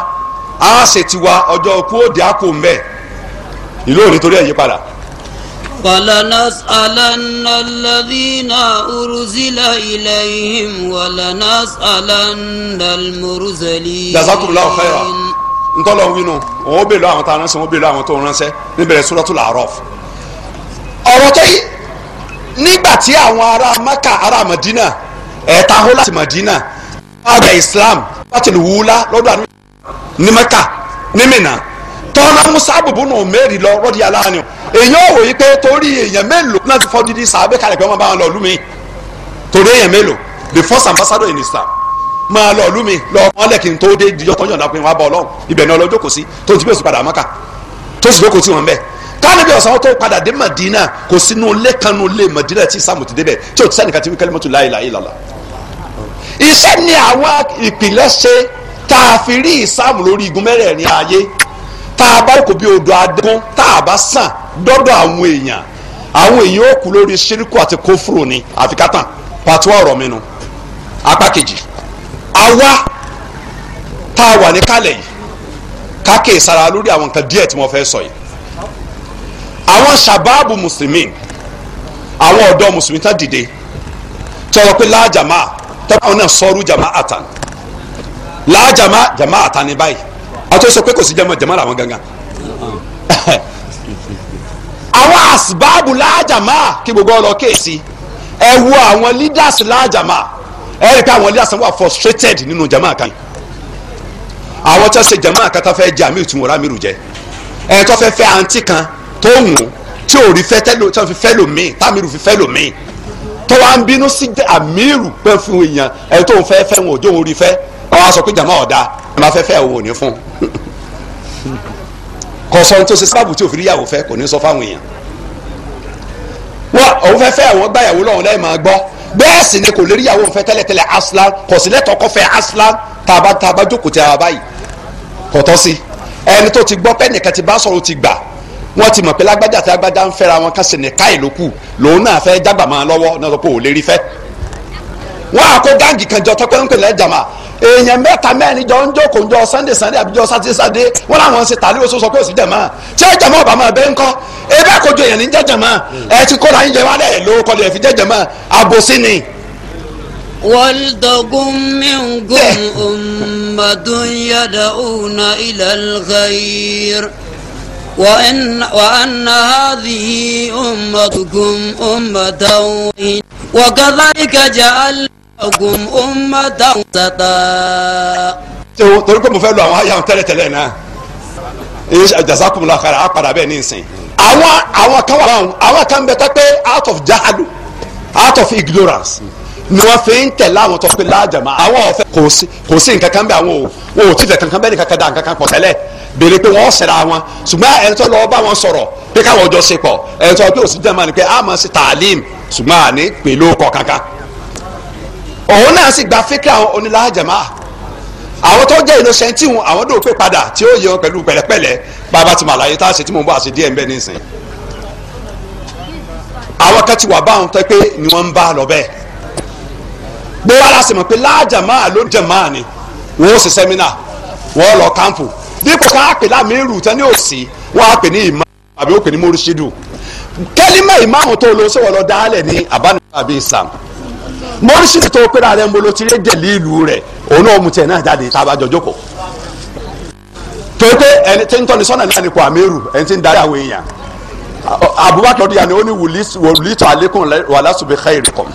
a ṣe tiwa ọjọ́ òkú òde àpò mbẹ́ ìlú òní torí ẹ̀ yípadà. فلنسألن الذين أرسل إليهم ولنسألن المرسلين. جزاكم الله خيرا ntọ́lọ̀ ń winú òun ó bèèrè àwọn tó ránṣẹ́ òun ó bèèrè àwọn tó ránṣẹ́ níbẹ̀rẹ̀ Suratul A'raf ọ̀rọ̀ tó yí nígbà tí àwọn ará maka ará madina ẹ̀ẹ́ta hó láti madina àgbà islam láti lù wúlá lọ́dọ̀ àná ní maka ní mina tọ́lá musa bùbù nù mẹ́rin lọ rọ́dí aláàánú èèyàn wò yí pé torí èèyàn mélòó náà ti fọ́ dídí sàábẹ́ kalẹ̀ pé wọ́n bá wọn lọ lú torí èèyàn mélòó the first ambassador in islam máa lọ lú mi lọ wọn lẹ́kìn tó dé ìdíjọ́ tọ́jọ́ ìdàpín wọn bá ọlọ́run ibẹ̀ ni ọlọ́jọ́ kò sí tó ti bẹ́ẹ̀ sùn maka tó sì jókòó tí wọ́n bẹ́ẹ̀ káníbi ọ̀sán tó padà dé Madina kò sínú ilé kanú ilé Madina tí Islam ti débẹ̀ tí o ti sẹ́nìkan ti wí kẹ́lẹ́mọ́tò la ilaha illallah. iṣẹ́ ni àwọn ìpìlẹ̀ ṣe tá a fi rí Islam lórí igun mẹ́rẹ̀ẹ̀rin ayé tá a bá kò bí odò adágún tá a bá sàn dọ́dọ̀ àwọn èèyàn àwọn èèyàn ó kú lórí ṣíríkù àti kófúrò ni àfikátàn pàtó ọ̀rọ̀ mi nu apá kejì àwa tá a wà ní kálẹ̀ yìí ká kè sára lórí àwọn nǹkan díẹ̀ tí mo fẹ́ sọ yìí àwọn sàbáàbù mùsùlùmí àwọn ọ̀dọ́ mùsùlùmí tán dìde tọrọ pé láàjàmá tọ́pọ̀ náà sọ́ọ́rù jàmá àtàn láàjàmá jàmá àtàn ní báyìí àti ó sọ pé kò sí jàmá jàmá làwọn gangan àwọn àsìbáàbù láàjàmá kí gbogbo ọ̀rọ̀ kéèsì ẹ wo àwọn leaders láàjàmá ẹ rí i pé àwọn leaders wà frustrated nínú jàmá kan àwọn tó ṣe jàmá kan tó fẹ́ jẹ àmì ìtumọ̀ rámìrù jẹ ẹ tó fẹ́ fẹ́ àǹtí kan tóun tí ò rí fẹ́ tẹ́lò tí wọ́n fi fẹ́ lòmíì támìrù fi fẹ́ lòmíì tó wá ń bínú sí àmìrù pé fún èèyàn ẹni tóun fẹ́ fẹ́ wọn ò jóun rí fẹ́ ọ̀hún aṣọ pé jàmá ọ̀dà ẹ̀ máa fẹ́ fẹ́ òun ò ní fún kọ̀sán tó ṣe sábàbù tí òfin yàwó fẹ́ kò ní sọ fáwọn èèyàn wọn òun fẹ́ fẹ́ àwọn gbàyàwó lọ́wọ́ lẹ́yìn máa gbọ́ bẹ́ẹ̀ sì ni kò lérí ìyàwó òun fẹ́ tẹ́lẹ̀tẹ́lẹ̀ aslan kò sí lẹ́tọ̀ọ́ kọ́ fẹ́ aslan tàbá tàbá jókòó ti ara báyìí kò tọ́ sí ẹni tó ti gbọ́ pẹ́ẹ́nìkan ti bá sọ̀rọ̀ ti gbà wọ́n ti mọ̀ pé lágbájá àti lágbájá ń fẹ́ra wọn kán sì ní káì lòun náà fẹ́ jágbà máa lọ́wọ́ náà sọ pé ò lè rí fẹ́. wọ́n á kó kan jọ tọ́pẹ́ ń pè lẹ́jàmá èèyàn mẹ́ta mẹ́rin jọ ń jókòó jọ sunday sunday àbíjọ sátidé sátidé wọ́n láwọn ń ṣe tàlẹ́ oṣooṣù pé òsì jàmá tí ẹ jàmá ọ̀bà máa bẹ́ ń kọ́ ebe àkójọ èèyàn ní jẹ́ jàmá ẹ ti kóra yín jẹ wálẹ̀ lówó kọ́lé ẹ̀ fi jẹ́ jàmá àbòsí ni ولتكن منكم أمة يدعون إلى الخير وأن, وأن هذه أمتكم أمة وكذلك جعلناكم أمة وسطا torí pé mo fẹ́ lo àwọn àyà tẹ́lẹ̀tẹ́lẹ̀ náà jazakum la kara a padà bẹ́ẹ̀ ní ìsìn. àwọn àwọn kan wà láwọn àwọn kan bẹ tẹ́ out of jahalu out of ignorance ni wọ́n fi ń tẹ̀lé àwọn tó fi láàjàmá àwọn ọ̀fẹ́ kò sí nǹkan kan bẹ́ẹ̀ àwọn ò tí fẹ́ kankan bẹ́ẹ̀ ni kankan da nǹkan kan pọ̀ tẹ́lẹ̀ béèrè pé wọ́n ṣẹ̀ra wọn ṣùgbọ́n ẹni tó lọ bá wọn sọ̀rọ̀ pé káwọn ọjọ́ ṣe pọ̀ ẹni tó pé òsín jẹ́mọ̀ ni pé a máa ṣe tààlím ṣùgbọ́n àní pẹ̀lú ọkọ̀ kankan. òun náà sì gba fíkà onílàjàmá àwọn tó jẹ́ ìlọsẹ̀ntì wọn àwọn dò pé padà tí ó yẹ wọn pẹ̀lú pẹ̀lẹ́pẹ̀lẹ́ bàbá ti màláyé tá a ṣe tí mo ń bọ̀ àṣẹ díẹ̀ ń bẹ́ nísìn. àwọn kan ti wà báwọn tẹ́ pé ni wọ́n ń bá lọ bẹ́ẹ̀ gbé wàhálà sì mọ̀ pé láàjàmá ló jẹ̀ máa ni wọ́n ó sì sẹ́mínà wọ́n lọ kámpù dípò ká pè lámìírù tán ní òsì wọn á pè ní ìmọ̀ àbí ó pè ní mórúṣídù kẹ́límà ìmáàmù tó lọ sọ̀rọ̀ lọ dálẹ̀ ní àbánibàbí ìsàm mórúṣídù tó pera rẹ̀ ń bolo tiré jẹ̀lí ìlú rẹ̀ òun náà mu tiẹ̀ náà jáde tá a bá ẹni tí ń tọ́ni sọ́nà náà ni kò àmẹ́rù ẹni tí ń darí àwọn èèyàn Abubakar ọdún yanni ó ní wòlítọ̀ alẹ́kùn wàlásùbẹ̀ káyìrì kọ̀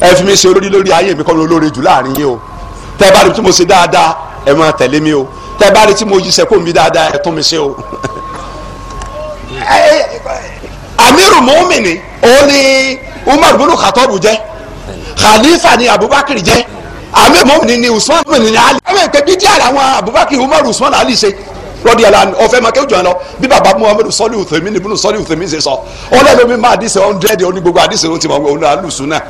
ẹ fi mi ṣe olórí lórí ayé mi kọ́ ló lóore jù láàrin yìí o tẹ́ bá rí tí mo ṣe dáadáa ẹ máa tẹ̀lé mi o tẹ́ bá rí tí mo yí sẹ́kó mi dáadáa ẹ tún mi ṣe o. amiru mumini òun ni umar bulu khatobu jẹ́ khalifa ni abubakar jẹ́ amiru mumini ni usman mumini ni ali. ẹ̀mẹ̀ pé bíi díẹ̀ àwọn abubakar umar usman ali ṣe lọ́dí ẹ̀la ọ̀fẹ́ máa kéwòn jọ̀ọ́ lọ bí baba muhammed sọ́lí ùtẹ̀mí ni bùnú sọ́lí ùtẹ̀mí ṣe sọ ọlẹ́lómi máa dísẹ̀ ọ̀ndẹ́ẹ̀dì oní gbogbo àdísẹ̀ ló ti mọ̀ ọ́n alùsùn náà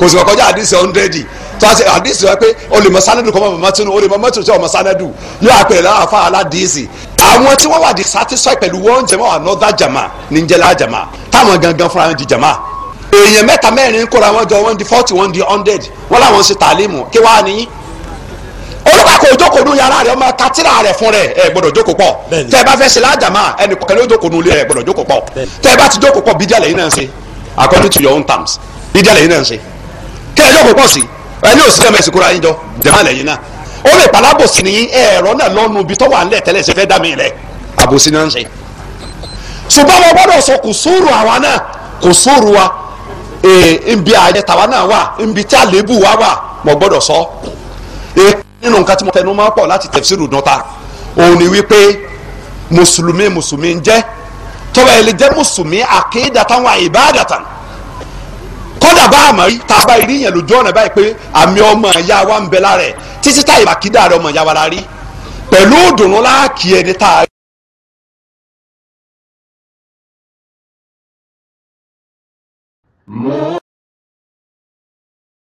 kò sì kọjá àdísẹ̀ ọ̀ndẹ́ẹ̀dì tọ́sí àdìsí wa pé olùmọ̀ sanadu kọ́ mọ̀ mọ́tínú olùmọ̀ mọ́tínú tí ọmọ sanadu yóò àpè láwọn afa aládìsí. àwọn tí wọ́n wà di satisfy pẹ̀lú wọ́n jẹ́mọ́ another jama ní njẹ́lá jama táwọn gangan fúnra wọn di jama. èèyàn mẹ́ta mẹ́rin kóra wọn jọ wọ́n di forty wọ́n di hundred wọ́n làwọn ṣe tàlímù kí wàá níyìn. olùkọ́ kò jókòó nu yàrá rẹ̀ ọmọ katira rẹ̀ fún rẹ̀ ẹ gbọ́dọ̀ jókòó pọ̀ tẹ́ ẹ bá fẹ́ ṣe lájàmá ẹnì kọ́kẹ́lẹ́ jókòó nu ilé rẹ̀ gbọ́dọ̀ jókòó pọ̀ tẹ́ ẹ bá ti jókòó pọ̀ bídíà lẹ́yìn náà ń ṣe according to your own terms bídíà lẹ́yìn náà ń ṣe kí ẹ jókòó pọ̀ sí i ẹni ò sí kẹ́mẹ́ ìsìnkú ra yín jọ jẹ̀má lẹ́yìn náà ó lè palábò sí ni ẹ̀rọ náà lọ́nu ibi tó wà ńlẹ̀ tẹ́lẹ̀ ṣe fẹ́ dá mi rẹ̀ àbòsí náà ń ṣe. ṣùgbọ́n wọn gbọ́dọ̀ sọ kò àwa wa eh, nbi àyẹ tàwa náà wà tí àlébù wa wà mo gbọ́dọ̀ sọ. Eh, nínú nǹkan tí mo tẹnu máa pọ̀ láti òun ni wípé mùsùlùmí mùsùlùmí ń jẹ́ kódà bá àmọ́ tá a bá rí yẹn lójú ọ̀nà báyìí pé àmì ọmọ ìyá wa ń bẹ lára ẹ̀ títí táyì bàkídà rẹ ọmọ ìyá wa la rí pẹ̀lú òdùnnú láàkì ẹni tá a